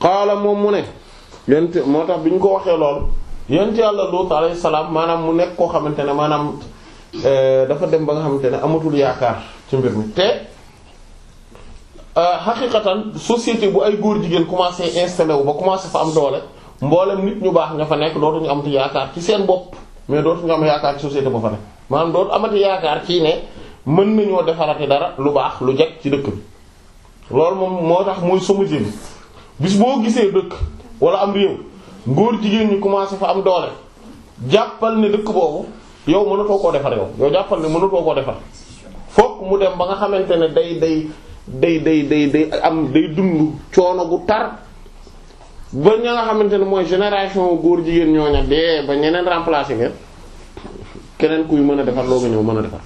qaala moom mu ne yent moo tax bi ñu ko waxee lool yent yàlla Luut alayhi salaam maanaam mu nekk koo xamante ne maanaam eh, dafa dem ba nga xamante ne amatul yaakaar ci mbir mi te eh, xaqiqatan société bu ay góor jigéen commencé installé wu ba commencé fa am doole mboolem nit ñu baax nga fa nekk dootuñu amati yaakaar ci seen bopp mais dootuñu am yaakaar ci société ba fa nekk maanaam dootu amati yaakaar ci ne mën nañoo defarati dara lu baax lu jekk ci dëkk bi loolu moom moo tax muy sumujj bi bis boo gisee dëkk wala am réew ngóor jigéen ñu commencé fa am doole jàppal ne dëkk boobu yow mënatoo koo defar yow yow jàppal ne mënatoo koo defar fokk mu dem ba nga xamante ne day day day day day day am day dund coono bu tar ba ña nga xamante ne mooy génération góor jigéen ñooña dee ba ñeneen remplacer ngeen keneen kuy mën a defar loo nga ñëw mën a defar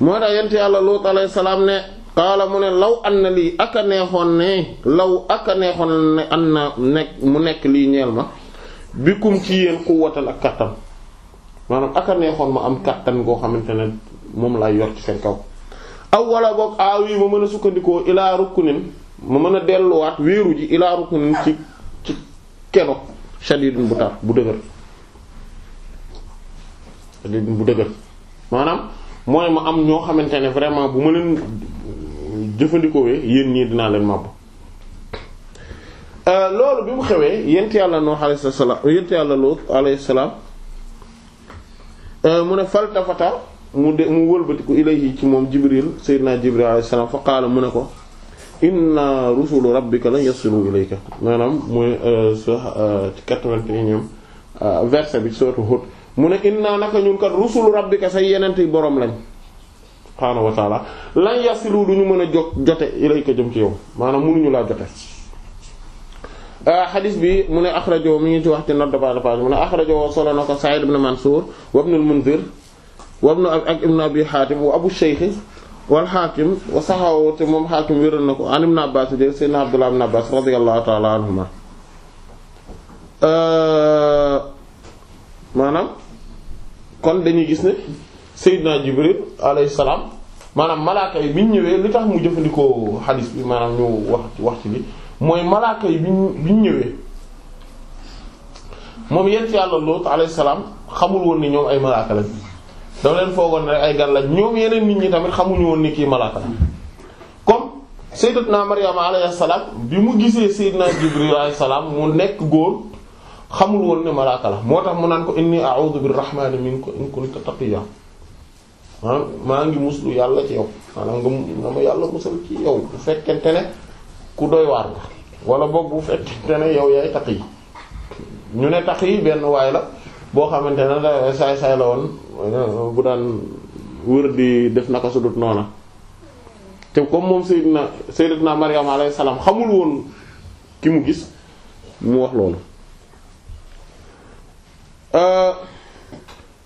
moo tax yent yàlla Luut alayhi salaam ne qaala mu ne law an na lii ak a ne law ak a ne an na nekk mu nekk lii ñeel ma bikum ci yéen quwwatan ak kattan maanaam ak a ma am kattan goo xamante ne moom laay yor ci seen kaw aw wala boog aawi ma mën a sukkandikoo ilaa rukkunin ma mën a delluwaat wéeru ji ilaa rukkunin ci ci keno shadidin bu tar bu dëgër shadidin bu dëgër maanaam mooy ma am ñoo xamante ne vraiment bu ma leen jëfandikoowee yéen ñii dinaa leen màbb euh, loolu bi mu xewee yent yàlla noo alayhi salaam yent yàlla Luut alayhi salaam euh, mu ne faltafata mu de mu wëlbatiku ilayhi ci moom Jibril Seydina Jibril alayhi salaam fa mu ne ko inna rusulu rabbika lan yasilu ilayka maanaam mooy euh, sa ci quatre-vingt-unième verset bi sootu Hud mu ne inna naka ñun kat rusulu rabbika say yenent yi boroom lañ subhaanahu wa taala lan yasilu du ñu mën a jog jote ilayka jëm ci yow maanaam mënuñu laa jote xadis euh, bi mu ne axrajo mu ngi ci waxte note de page mu ne axrajo solo na ko Sa'id ibn Mansur wa ibn al wa ibn Abi Hatim wa Abu Shaykh wal Hakim wa saxaw te moom Hakim wéral na ko an ibn Abbas jël sayyidina anhuma euh, maanaam kon dañuy gis ne Seydina Jibril alayhi salaam maanaam malaaka yi bi ñu ñëwee li tax mu jëfandikoo xadis bi maanaam ñu wax wax ci bi mooy malaaka yi bi ñu ñëwee moom yent yàlla Luut alayhi salaam xamul woon ni ñoom ay malaaka lañ dafa leen foogoon rek ay gan lañ ñoom yeneen nit ñi tamit xamuñu woon ni kii malaaka la comme Sayyidatuna Maryama alayhi salaam bi mu gisee naa Jibril alayhi salaam mu nekk góor xamul woon ni malaaka la moo tax mu naan ko inni a'udhu birrahmani minka in kunta taqiyya maanaam maa ngi muslu yàlla ci yow maanaam nga na ma yàlla ci yow bu fekkente ne ku doy waar nga wala benn waay la boo xamante ne da saay-saay la woon bu daan wër di def naka sudut noona te comme moom Seydina Sayyidatuna Maryam alayhi salaam xamul woon ki mu gis mu wax loolu euh,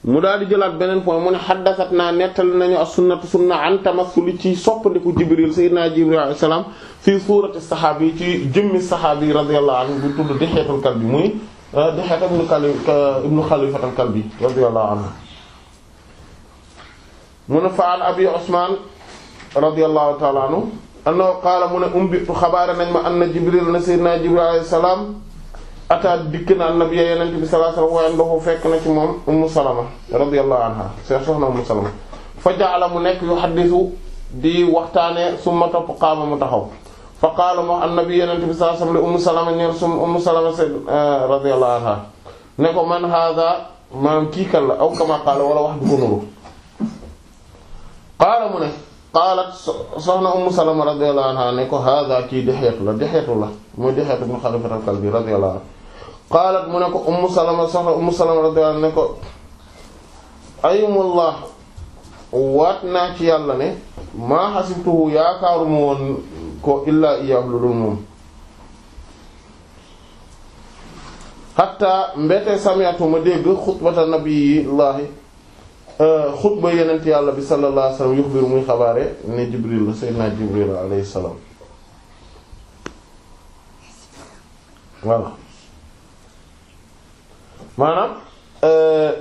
mu daal di jëlaat beneen point mu ne xaddasat naa nettali nañu a sunnatu sunna an tamassuli ci soppandiku jibril sayyidina jibril alayhi salaam fii suurati saxaabi ci jëmmi saxaabi radiyallahu anhu bu tudd Dihyatul Kalbi muy euh, Dihyata ibnu Kalbi euh, ibnu Kalbi radiyallahu anhu mu ne fa abi Usmaan radiyallahu ta'ala anhu annahu qaala mu ne umbitu xabaare nañ ma anna jibril na sayyidina jibril alayhi salaam ataat dikk na annab yee yenent bi sallallahu alayhi wasallam waaye fekk na ci moom ummu salama radiyallahu anha seen soxna ummu salama fa jaala mu nekk yu xaddisu di waxtaane summa topp qaama mu taxaw fa qaala mu annabi yenent bi sallallahu alayhi wasallam li ummu salama eh, ne ko man hada maanaam kii kan la aw kama qaala wala wax du ko nuru qaala mu ne qaalat soxna ummu salama radiyallahu anha ne ko hada kii dexeetu la dexeetu la mooy dexeetu ibn Xalaf al-Kalbi radiyallahu anhu qaalat mu ne ko ummu salama soxna ummu salama radiyallahu anha ne ko ayumullah waat naa ci yàlla ne maa xasibtuhu yaakaaruma woon ko illaa iyyaahu lu dul moom xatta mbete sami'tu ma dégg xutbata nabiyillaahi euh, xutba yenent yàlla bi sallallahu alayhi wasallam yuxbir muy xabaare ne jibril la jibril alayhi salaam maanaam euh,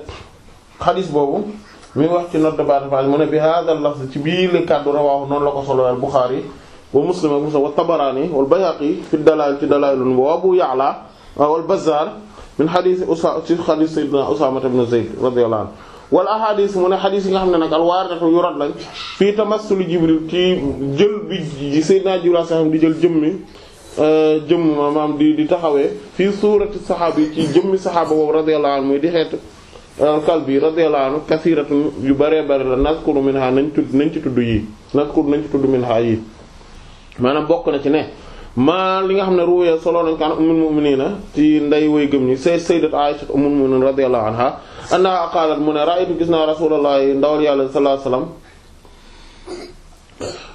xadis boobu mi wax ci note baatafage mu ne bi hadal lafz ci biir le kàddu rawaahu noonu la ko solo al Buxaari wa Muslim ak Muslim wa Tabaraani wal Bayhaqi fi dalail ci dalailun wa Abu Ya'la ah, wal Bazzaar min xadis usa ci xadis sayyidina Usaama ibn Zayd radiyallahu anhu wal ahadis mu ne xadis yi nga xam ne nag alwaaridatu yu rot lañ fii tamassul Jibril ci jël bi sayyidina Jibril sax di jël jëmmi Euh, jëmm maanaam di di taxawee fii suurati saxaaba yi ci jëmmi saxaaba boobu radiyallahu anhu muy di xeet euh, kalbi radiyallahu anhu kasiratun yu baree bare la nazkuru minha nañ tudd nañ ci tudd yii nazkuru nañ ci tudd minha yii maanaam bokk na ci ne maa li nga xam ne ruwee solo nañ kan ummul mu'minina ci nday way gëm ñi say sayyidat Aisha ummul mu'minin radiyallahu anha anna qaalat mu ne ra'aytu gis naa rasulullahi ndawal yàlla sallallahu alayhi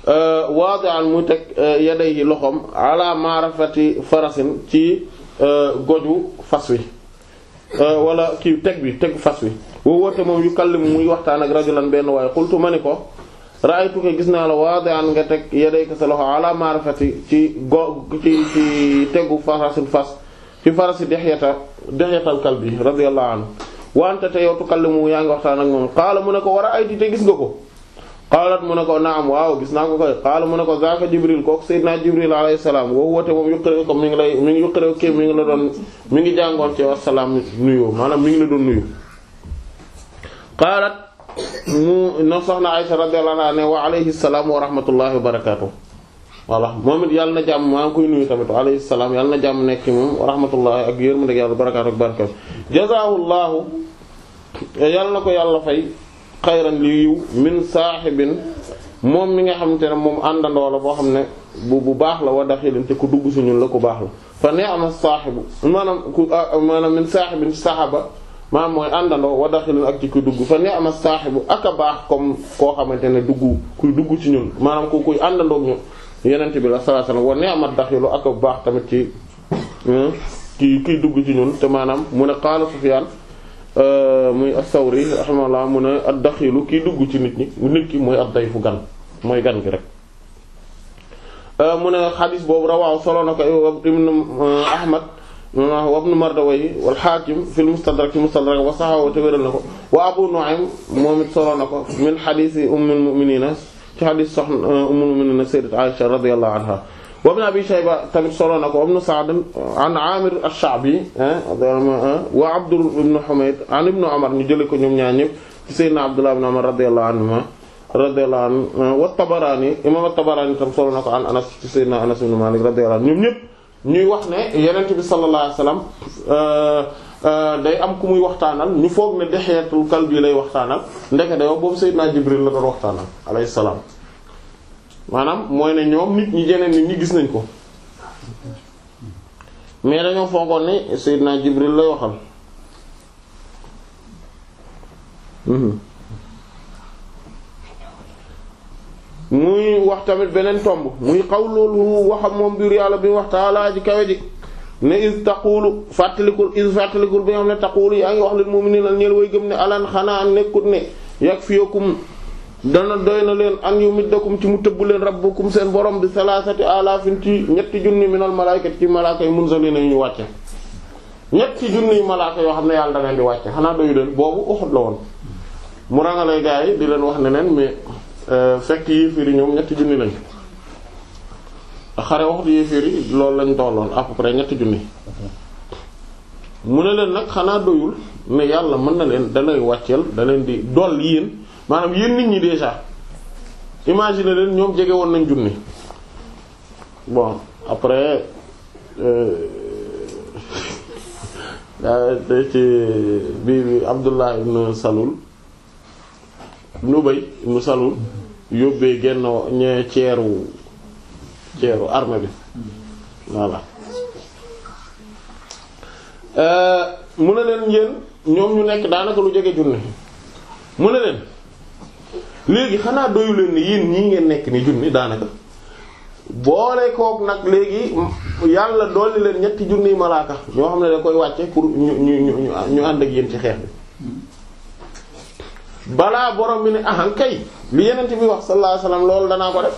Euh, waadi'an mu teg euh, yadayhi loxoom ala marafati farasin ci euh, goju fas wi wala kii teg bi teg fas wi wa woote moom yu kallimu muy waxtaan ak rajulan benn waaye xultu ma ni ko ra'aytu ko gis naa la waadi'an nga teg yadayka sa loxo ala marafati ci go ci ci tegu farasin fas fi farasi Dihyata Dihyatal kalbi radiyallahu anhu wante te yow tukallimu yaa ngi waxtaan ak moom qaala mu ne ko war a ayti te gis nga ko qaalat mu ne ko naam waaw gis naa ko koy qaala mu ne ko zaaka jibril kooku sayyidina jibril alayhi salaam woo woote moom yuqare ko mi ngi lay mi ngi la doon mi ngi jàngoon ci wasalaam nuyoo maanaam mi ngi la doon nuyu qaalat mu no soxna Aysa radiyallahu anha ne wa alayhi salaam wa rahmatullahi wa barakatuh voilà moom it yàlla na jàmm maa ngi koy nuyu tamit wa alayhi salaam yàlla na jàmm nekk ci moom wa rahmatullahi ak yërmande yàlla barakatuh ak barakatuh yàlla na ko yàlla fay xayran li yiw min saaxibin moom mi nga xamante ne moom àndandoo la boo xam ne bu bu baax la wa daxilin te ku dugg si ñun la ku baax la fa ni'ma saaxibu maanaam ku ah, maanaam min saaxibin saxaba maanaam mooy àndandoo wa daxilin ak ci ku dugg fa ni'ma saaxibu ak baax comme koo xamante ne dugg kuy dugg ci ñun maanaam ku àndandoo ñu yenent bi la sallallahu alayhi wa sallam wa ak a baax tamit ci hmm, ki kiy dugg ci ñun te maanaam mu ne qaala Sufyaan Euh, muy as-Sawri rahimahullah mu ne ad-daxilu dugg ci nit ñi nit ki mooy ad-dayfu gan mooy gan gi rek euh, mu ne xadis boobu rawaaw solo na ko ibnu Ahmad wa ibnu Mardawayh wal Haakim fil Mustadrak Mustadrak wa saxaw te wéral na ko wa Abu Nu'aym moom it solo na ko min xadisi ummul mu'miniina ci xadis soxna ummul mu'miniina sayyidat Aisha radiyallahu anha wa ibn Abi Shayba tamit solo na ko ibn Sa'd an Amir ash-Sha'bi wa Abd ibn Humayd an ibn Umar ñu jële ko ñoom ñaar ñëpp ci Sayyidina Abdullah ibn Umar radiyallahu anhuma radiyallahu anhu wa Tabarani imam at-Tabarani tam solo na ko an Anas ci Sayyidina Anas ibn Malik radiyallahu anhu ñoom ñëpp ñuy wax ne Yonent bi sallallahu alayhi wasallam euh, euh, day am ku muy waxtaanal ñu foog ne Dihyatul Kalbi lay waxtaanal ndeke day wax boobu Sayyidina Jibril la doon waxtaanal alayhi salaam maanaam mooy ne ñoom nit ñi jeneen nit ñi gis nañ ko mais dañoo foogoon ne Seydina Jibril lay waxal mhm. muy wax tamit beneen tomb muy xaw loolu waxam moom biir yàlla bi wax taalaa ji kawe ji ne is taqulu fàttalikul is fàttalikul bi nga xam ne taqulu yaa ngi wax lil mu'minina ñeel way gëm ne alan xanaa nekkut ne yakfiyakum dana doy na leen an yu middakum ci mu tëbb leen rabbukum seen borom bi salaasati alaafin ci ñetti junni minal malaaykat ci malaaka yi munzalina yu ñu wàcce ñetti junni malaaka yoo xam ne yàlla da leen di wàcce xanaa doyu leen boobu Uhud la woon mu rangalay gaa yi di leen wax ne leen mais euh, fekk yéeféer yi ñoom ñetti junni lañ xare Uhud yéeféer yi loolu lañ tolloon à peu ñetti junni mu ne leen nag xanaa doyul ne yàlla mën na leen dalay wàcceel da leen di dool yéen maanaam yéen nit ñi déjà imagine leen ñoom jege woon nañ junni bon après euh, *laughs* da ci bi Abdullah ibn Salul ibn Ubay ibn Salul yóbbee genn ñee ceeru ceeru arme bi voilà euh, mu ne leen yéen ñoom ñu nekk daanaka lu jege junni mu ne leen léegi xanaa doyu leen ni yéen ñii ngeen nekk ni junni daanaka boole kook nag léegi yàlla dolli leen ñetti junniy malaaka ñoo xam ne da koy wàcce pour ñu ñu ñu ñu ànd ak yéen ci xeex bi balaa borom bi ne ahan kay li yenente bi wax salaa alayhi wasallam loolu danaa ko def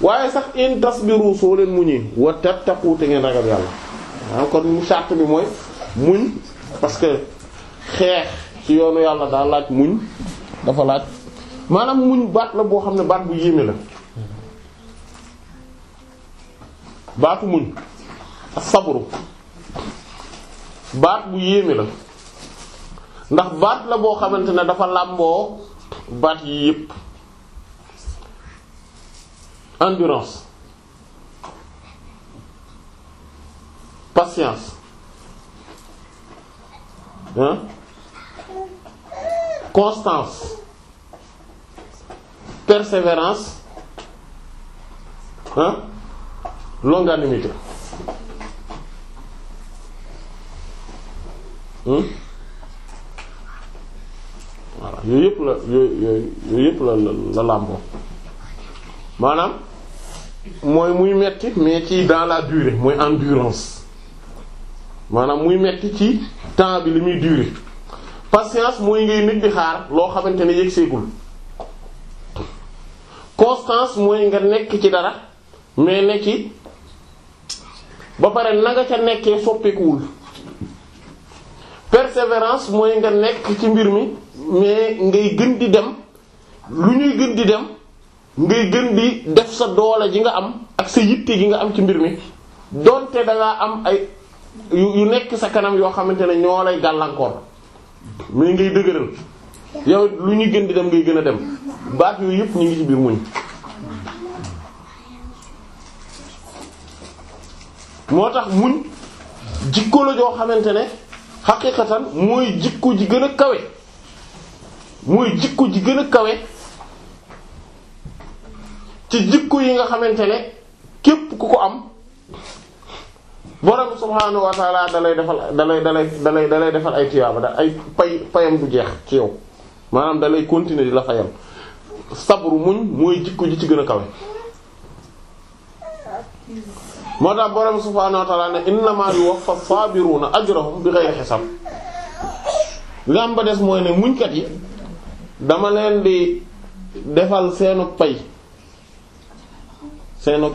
waaye sax in tasbiru soo leen muñee wa tattaqu te ngeen ragal yàlla waaw kon mu bi mooy muñ parce que xeex ci yoonu yàlla daa laaj muñ dafa laaj maanaam muñ baat la boo xam ne baat bu yéeme la baatu muñ ak baat bu yéeme la ndax baat la boo xamante ne dafa làmboo baat yi yépp endurance patience hein constance persévérance ah longanimité hmm? voilà yooyu yëpp la yooyu yooyu yëpp la la làmboo maanaam mooy muy metti mais ci dans la durée mooy endurance maanaam muy metti ci temps bi li muy durer patience mooy ngay nit di xaar loo xamante ne yegg seegul constance mooy nga nekk ci dara mais ne ci ba pare na ca nekkee soppikuwul perseverance mooy nga nekk ci mbir mi mais ngay gën di dem lu ñuy gën di dem ngay gën di def sa doole ji nga am ak sa yitte gi nga am ci mbir mi donte da am ay yu nekk sa kanam yoo xamante ne ñoo lay gàllankoor mais ngay dëgëral yow lu ñuy gën di dem ngay gën a dem baat yooyu yëpp ñu ngi ci biir muñ moo tax muñ jikko la joo xamante ne xaqiqatan mooy jikko ji gën a kawe mooy jikko ji gën a kawe ci jikko yi nga xamante ne képp ku ko am borom subhaanahu wa ta'ala dalay defal dalay dalay dalay dalay defal ay tiyaaba da ay pay payam du jeex ci yow maanaam dalay continuer di la fayal sabru muñ mooy jikko ji ci gën a kawe moo tax borom subhaanahu wa ta'aala ne innamaa yuwaffa saabiruuna ajrahum bighayri hisaab li am ba des mooy ne muñkat yi dama leen di defal seenu pay seenu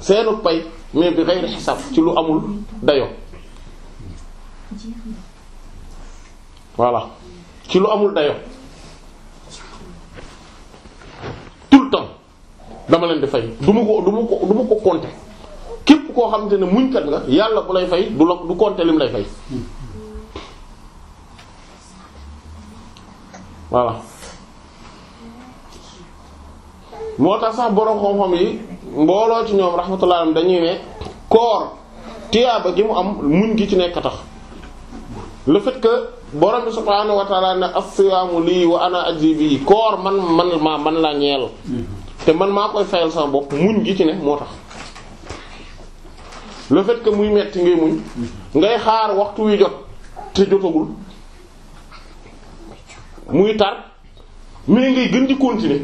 seenu pay mais bighayri hisaab ci lu amul dayo voilà ci lu amul dayo tout le temps dama leen di fay du ma ko du ma ko du ma ko compter képp koo xamante ne muñkat nga yàlla bu lay fay du la du compter lim lay fay voilà moo tax sax borom xam-xam yi mbooloo ci ñoom rahmatullah dañuy ne koor tiyaaba gi mu am muñ gi ci nekk tax le fait borom bi subhaanahu wa taala ne as-siyaamu lii wa ana ajzi bii koor man man maa man la te man maa koy fayal sama bopp muñ gi ci ne moo tax le fait que muy metti ngay muñ ngay xaar waxtu wi jot te jotagul muy tar mais ngay gën di continuer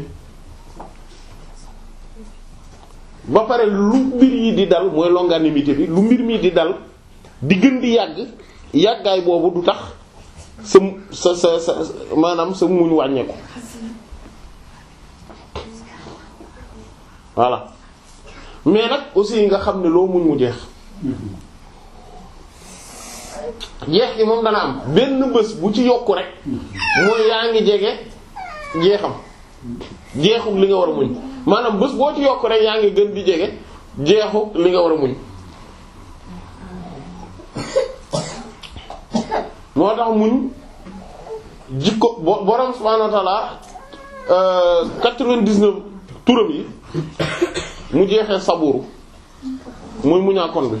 ba pare lu mbir yi di dal mooy longanimité bi lu mbir mi di dal di gën di yàgg yàggaay boobu du tax sa sa sa sa maanaam sa muñ wàññeeku voilà mais nag aussi nga xam ne loo muñ mu jeex jeex gi moom dana am benn bés bu ci yokku rek mooy yaa ngi jege jeexam jeexuk li nga war a muñ maanaam bés boo ci yokku rek yaa ngi gën di jege jeexuk li nga war a muñ moo tax muñ jikko borom subhaanahu wa ta'aala euh, quatre-vingt-dix-neuf turam yi mu jeexee saburu muy muñaakoon bi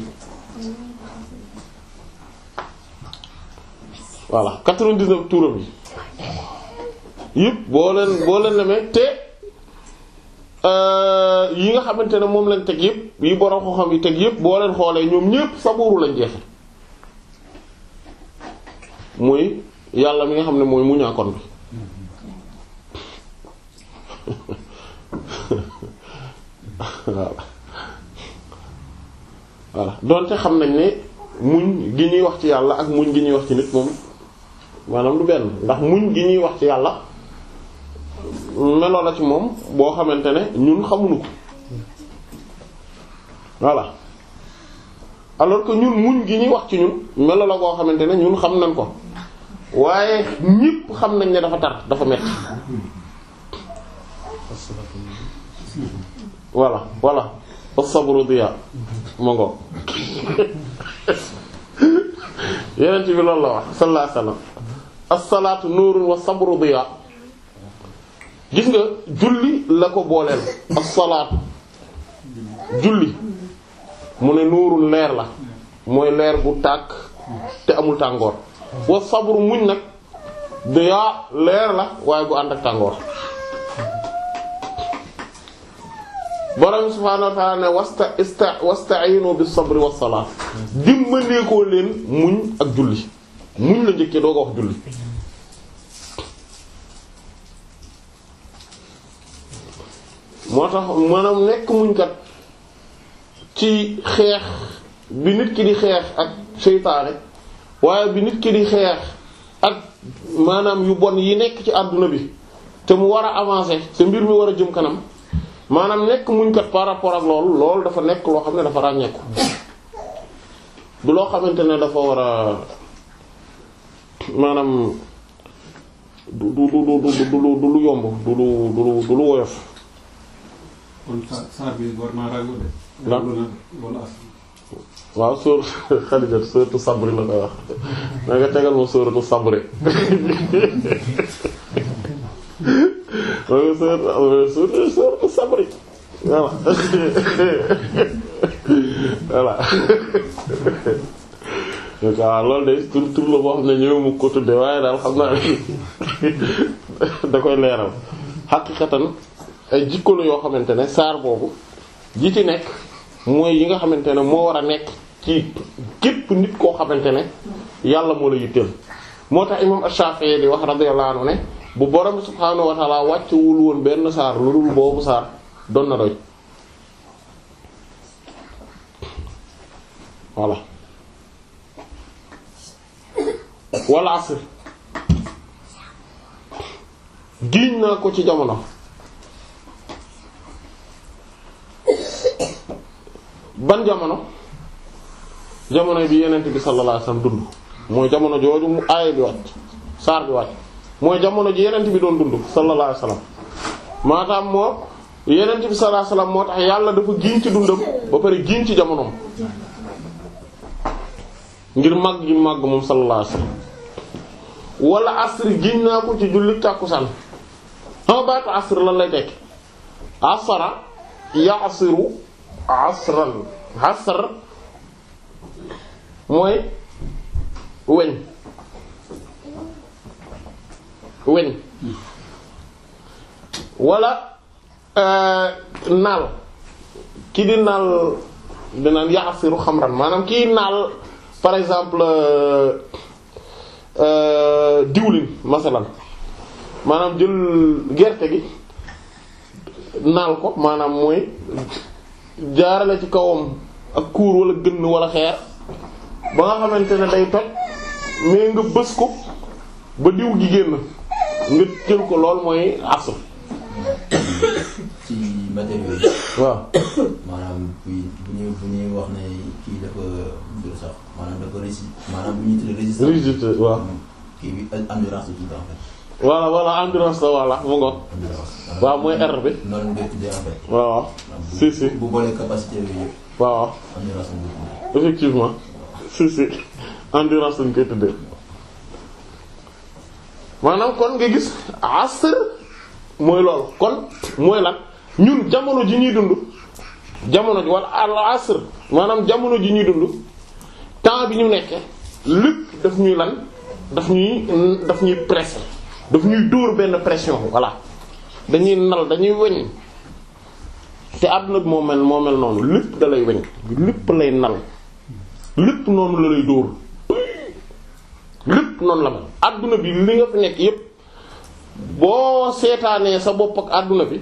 voilà quatre-vingt-dix-neuf turam yi yëpp boo leen boo te euh, yi nga xamante ne moom lañ teg yëpp yi borom xoo xam yi teg yëpp boo leen xoolee ñoom ñëpp saburu lañ jeexee muy yàlla mi nga xam ne mooy muñaakoon bi waaw voilà donte xam nañ ne muñ gi ñuy wax ci yàlla ak muñ gi ñuy wax ci nit moom maanaam du benn ndax muñ gi ñuy wax ci yàlla meloo la ci moom boo xamante ne ñun xamuñu ko voilà alors que ñun muñ gi ñuy wax ci ñun meloo la boo xamante ne ñun xam nañ ko waaye ñëpp xam nañ ne dafa tar dafa metti voilà voilà as-sabru diya ma ngoog yeneen bi loolu la wax sallallahu alayhi wasallam as wax nuurun wa gis nga julli la ko booleel as-salaatu julli mu ne nuurun leer la mooy leer bu tàkk te amul tàngoor wa sabru muñ nag dayaa leer la waaye bu ànd ak tàngoor borom subhaanahu wa ta'aala ne wasta ista wasta'inu bis sabri was salaat dimbandeekoo leen muñ ak julli muñ la njëkkee doo ko wax julli moo tax maanaam nekk muñkat ci xeex bi nit ki di xeex ak seytaane waaye bi nit ki di xeex ak maanaam yu bon yi nekk ci àdduna bi te mu war a avancé te mbir mi war a jëm kanam maanaam nekk muñ kat par rapport ak loolu lool dafa nekk loo xam ne dafa ràññeeku du loo xamante ne dafa war a maanaam du du du du du du lu yomb du lu du lu du lu woyof. waaw sóor Xadija sóoratu sabri la koy wax da nga tegal ma sóoratu sabri loolu sóoratu waaw ah, loolu de tur boo xam ne ñëw mu ko tudde waaye daal xam naa da koy leeral xaqiqatan ay jikko la yoo xamante ne saar boobu ji nekk. mooy yi nga xamante ne moo war a nekk ci képp nit koo xamante ne yàlla moo la yitteel moo tax imam Shafi'i di wax radiyallahu anhu ne bu borom subhaanahu wa ta'ala wàccewul woon benn saar lu dul boobu saar doon na doy voilà wal asr giñ naa ko ci jamono ban jamono jamono bi yenent bi sallallahu alayhi wasallam dund mooy jamono jooju mu aaya bi wàcc saar bi wàcc mooy jamono ji yenent bi doon dund sallallahu alayhi wasallam maanaam moo yenent bi sallallahu alayhi moo tax yàlla dafa giñ ci dundam ba pare giñ ci jamonoom ngir màgg gi màgg moom sallallahu alayhi wasallam wala asri giñ naa ko ci julli tàkkusaan xam nga baatu asr lan lay tekk asara ya'siru asran asr mooy weñ weñ wala euh, naal ki di naal dinaan yaasiru xamran maanaam kii naal par exemple euh, diwlin masalan maanaam jël gerte gi naal ko maanaam mooy la ci kawam ak kuur wala gën wala xeer ba nga xamante ne day toj mais nga bës ko ba diw gi génn nga jël ko lool mooy asu ci matériaux yi. waaw. maanaam buy bu ñuy bu ñuy wax na kii dafa dul sax maanaam dafa rési maanaam bu ñuy tuddee résistance. résistance waaw. voilà voilà endurance waaw mooy R bi. noonu nga tuddee en fait. waaw si si. waaw effectivement si si endurance lañ koy tuddee. maanaam kon nga gis asr mooy lool kon mooy lan ñun jamono ji ñuy dund jamono ji wala al maanaam jamono ji ñuy dund temps bi ñu nekkee lépp daf ñuy lan daf ñuy daf ñuy pressé. daf ñuy dóor benn pression voilà dañuy nal dañuy weñ te àdduna bi moo mel moo mel noonu lépp da weñ lépp lay nal lépp noonu la lay dóor lépp noonu la mel àdduna bi li nga fi nekk yépp boo seetaanee sa bopp ak àdduna bi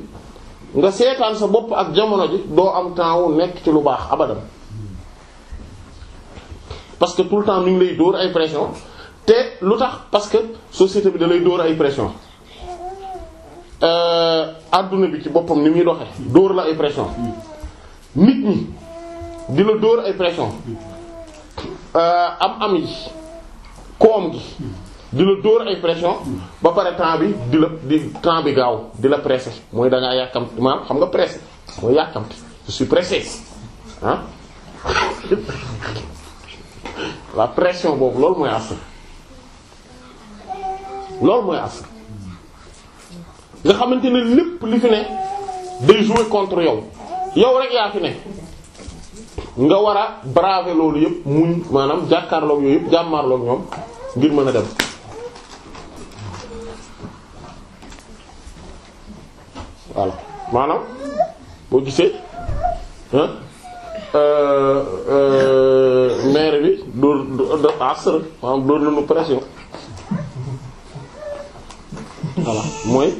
nga seetaan sa bopp ak jamono ji doo am temps wu nekk ci lu baax abadam parce que tout le temps mi ñu lay dóor ay pression te lu tax parce que société bi da lay dóor ay pression àdduna euh, bi ci boppam ni muy doxe dóor la ay pression nit ñi di la dóor ay pression euh, am am yi koom gi di la dóor ay pression ba pare temps bi di la di temps bi gaaw di la pressé mooy da ngaa yàkkamti maanaam xam nga pressé mooy yàkkamti je suis *laughs* la pression boobu loolu mooy as loolu mooy as nga xamante ne lépp li fi ne day jouer contre yow yow rek yaa fi ne nga war a braver loolu yëpp muñ maanaam jàkkaarloog yooyu yëpp jàmmaarloog ñoom ngir mën a dem. voilà maanaam boo gisee euh, euh, maire bi dóor dóor asr maanaam dóor nañu pression. voilà mooy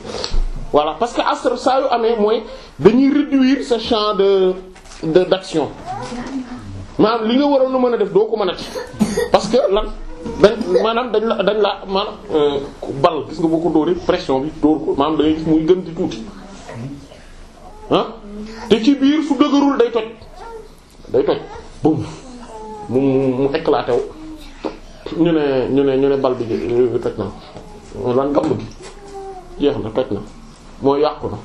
voilà parce que asr saa yu amee mooy dañuy réduire sa champ de de d'action maanaam li nga waroon a mën a def doo ko mën a def parce que lan dañ maanaam dañ la dañ la maanaam euh, bal gis nga boo ko dóoree pression bi dóor ko maanaam da gis muy gën di tuuti ah te ci biir su dëgërul day toj day toj bum mu mu éclaté wu ñu ne ñu ne ñu ne bal bi euh, toj na lan gàmm gi. jeex na toj na mooy yàqu na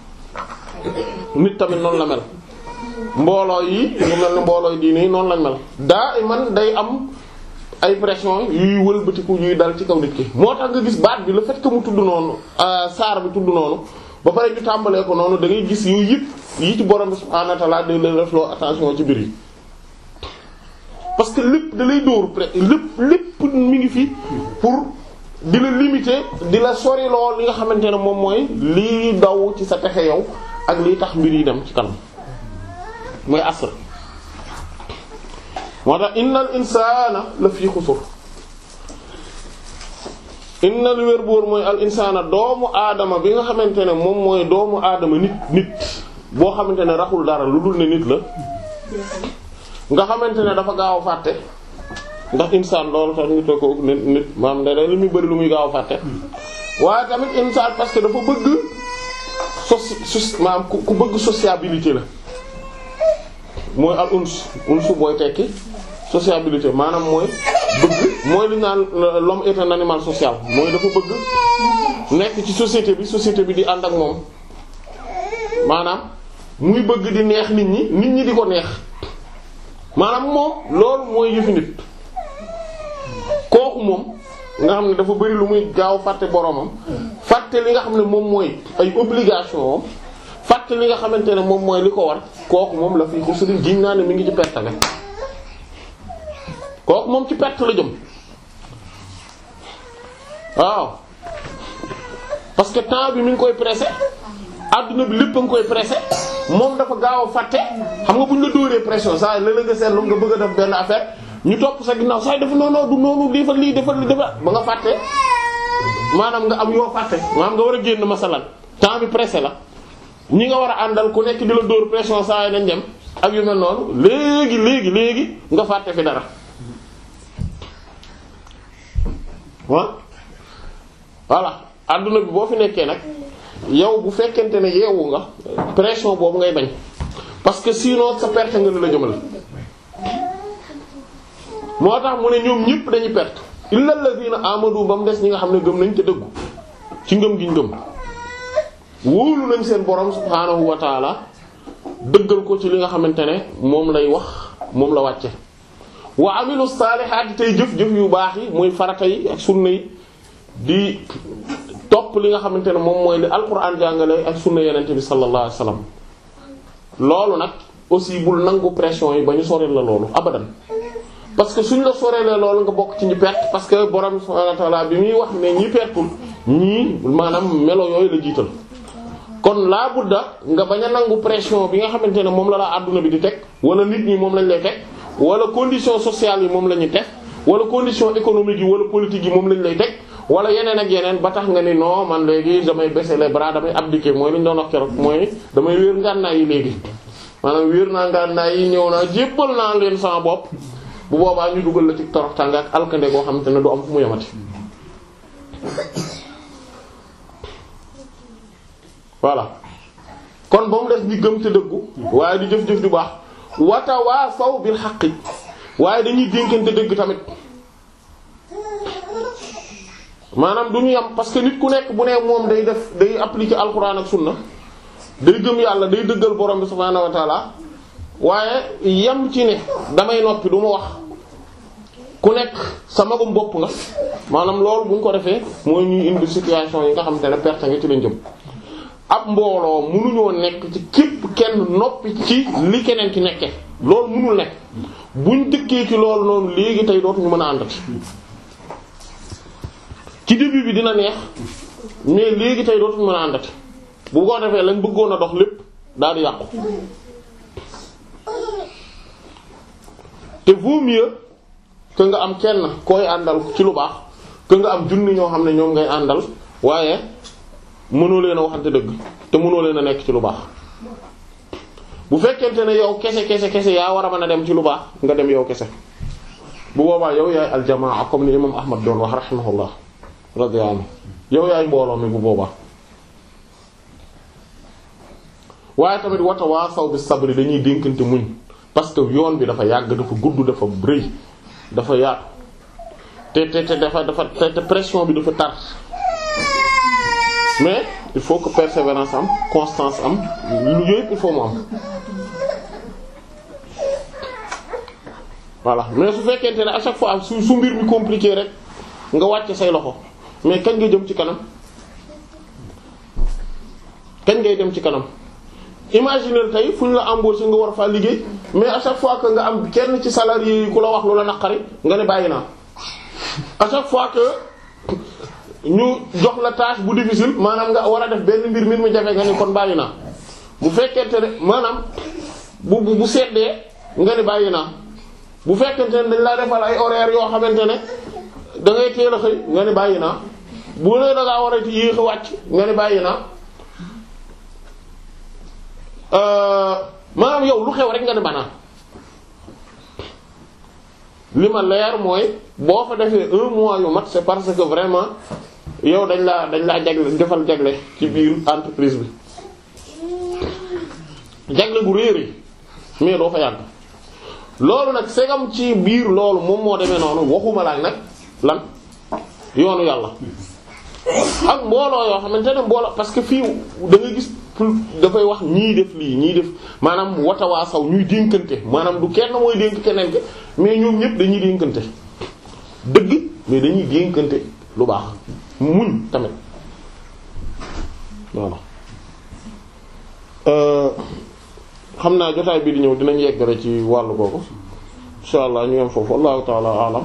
nit tamit noonu la mel mbooloo yi ñu mel ne mbooloo yi diine yi noonu la mel daa man day am ay pression yuy wëlbatiku yuy dal ci kaw nit ki moo tax nga gis baat bi la fait que mu tudd noonu euh, saar bi tudd noonu ba pare ñu tàmbalee ko noonu da gis yooyu yëpp yi ci borom bi subhaanahu wa ta'aala day leen attention ci biir yi parce lépp da lay dóor lépp lépp mi ngi fi pour di la limiter di la sori lool li nga xamante ne moom mooy lii daw ci sa texe yow ak lii tax mbir yi dem ci kanam mooy asr moo tax innal insaana la fii xusur innal wér boor mooy al insaana doomu aadama bi nga xamante ne moom mooy doomu aadama nit nit boo xamante ne raxul dara lu dul ne nit la nga xamante ne dafa gaaw a fàtte ndax insaan loolu tax nit a ko nit maanaam da li muy bëri lu muy gaaw a fàtte waaye tamit insaan parce que dafa bëgg sos maanaam ku bëgg sociabilité la mooy al uns uns booy tekki sociabilité maanaam mooy bëgg mooy li naan euh, l'homme est un animal social mooy dafa bëgg nekk ci société bi société bi di ànd ak moom maanaam muy bëgg di neex nit ñi nit ñi di ko neex maanaam moom loolu mooy yëfi nit kooku moom nga xam ne dafa bari lu muy gaaw fàtte boromam fàtte li nga xam ne moom mooy ay obligation fàtte li nga xamante ne moom mooy li ko war kooku moom la fi xusri giñ naa ne mu ngi ci perte la kooku moom ci perte la jëm waaw parce que temps bi mi ngi koy pressé adduna bi lépp ngi koy pressé moom dafa gaaw a fàtte xam nga bu ñu la dóoree pression saa la la nga seetlu nga bëgg a def benn affaire ñu topp sa ginnaaw sax dafa noonu du noonu lii fa lii defal lii defal ba nga fàtte maanaam nga am yoo fàtte maanaam nga war a génn masalan temps bi pressé la ñi nga war a àndal ku nekk di dóor pression saa yi nañ dem ak yu mel noonu léegi léegi léegi nga fàtte fi dara wa voilà àdduna bi boo fi nekkee nag yow bu fekkente ne yeewu nga pression boobu ngay bañ parce que sinon sa perte nga li la jëmal moo tax mu ne ñoom ñëpp dañuy perte illal lazina amadu ba mu des ñi nga xam ne gëm nañ te dëggu ci ngëm gi ñu gëm wóolu nañ seen borom subhaanahu wa taala dëggal ko ci li nga xamante ne moom lay wax moom la wàcce wa amilu saalihaati tey jëf-jëf yu baax yi muy farata yi di topp li nga xamante ne moom mooy li alquran jàngale ak sunna yenente bi sallallahu alayhi loolu nag aussi bul nangu pression yi ba ñu soril la loolu abadan parce que suñu la soreelee loolu nga bokk ci ñi perte parce que borom subhaanahu wa bi muy wax ne ñi pertul ñii maanaam melo yooyu la jiital kon laa budda nga bañ a nangu pression bi nga xamante ne moom la laa àdduna bi di teg wala nit ñi moom lañu lay teg wala condition sociale yi moom la ñuy teg wala condition économique yi wala politique yi moom lañ lay teg wala yeneen ak yeneen ba tax nga ni non man léegi damay baisser les bras damay abdiquer mooy li ñu doon wax mooy damay wéer ngànnaay yi léegi maanaam wéer naa ngànnaay yi ñëw naa jébbal naa leen sama bopp bu boobaa ñu dugal la ci torox tànga ak alkande goo xamante ne du am fu mu yamati voilà kon ba mu des di gëm te dëggu waaye di jëf-jëf ju baax watawaasaw bil xaqi waaye dañuy dénkante dëgg tamit maanaam du ñu yam parce que nit ku nekk bu ne moom day def day appliquer alxuraan ak sunna day gëm yàlla day dëggal borom bi subhaanahu wa waaye yem ci ne damay noppi du ma wax ku nekk sama ko bopp nga maanaam loolu bu ñu ko defee mooy ñuy indi situation yi nga xamante ne perte nga ci lañ jëm ab mbooloo mënuñoo nekk ci képp kenn noppi ci li keneen ci nekke loolu mënul nekk buñ dëkkee ci loolu noonu léegi tey dootuñu mën a àndati ci début bi dina neex mais léegi tey dootuñu mën a àndati bu ko defee lañ bëggoon a dox lépp daal di yàqu te vaut mieux que nga am kenn kooy àndal ci lu baax que nga am junni ñoo xam ne ñoom ngay àndal waaye mënoo leen a waxante dëgg te mënoo leen a nekk ci lu baax bu fekkente ne yow kese kese kese yaa war a mën a dem ci lu baax nga dem yow kese bu boobaa yow yaay aljamaa comme ni imam Ahmad doon wax rahimahullah radiyallahu anhu yow yaay mbooloo mi bu boobaa. waaye tamit wata waa saw bi sabri dañuy dénkante muñ parce que yoon bi dafa yàgg dafa gudd dafa rëy dafa yaatu te te te dafa dafa te pression bi dafa tar mais il faut que persévérance am constance am lu yëpp il am voilà mais su fekkente ne à chaque fois su su mbir mi compliqué rek nga wàcc say loxo mais kañ nga jëm ci kanam kañ ngay dem ci kanam imaginer tey fu ñu la embauché nga war faa liggéey mais à chaque fois que nga am kenn ci salarié yi ku la wax lu la naqari nga ne bàyyi naa à chaque fois que ñu jox la tâche bu difficile maanaam nga war a def benn mbir mbir mu jafe nga ni kon bàyyi naa bu fekkente ne maanaam bu bu bu nga ni bàyyi naa bu fekkente ne dañ laa defal ay horaires yoo xamante ne da ngay teel a xëy nga ni bàyyi naa bu dee da war a yéex wàcc nga ni bàyyi naa. Euh, maanaam yow lu xew rek nga ne banaan li ma leer mooy boo fa defee un mois yu mat parce que vraiment yow dañ laa dañ laa jagle defal jagle ci biir entreprise bi jagle bu réeré mais doo fa yàgg loolu nag segam ci biir loolu moom moo demee noonu waxuma laaj nag lan yoonu yàlla ak mbooloo yoo xamante ne mbooloo parce que fii da gis gis dafay wax ñii def lii ñii def maanaam watawaasaw ñuy dénkante maanaam du kenn mooy dénk keneen ke mais ñoom ñëpp dañuy dénkante dëgg mais dañuy dénkante lu baax muñ tamit voilà euh, xam naa jotaay bi di ñëw dinañ yeggale ci wàllu kooku insha allah ñu yem foofu wallahu taala alam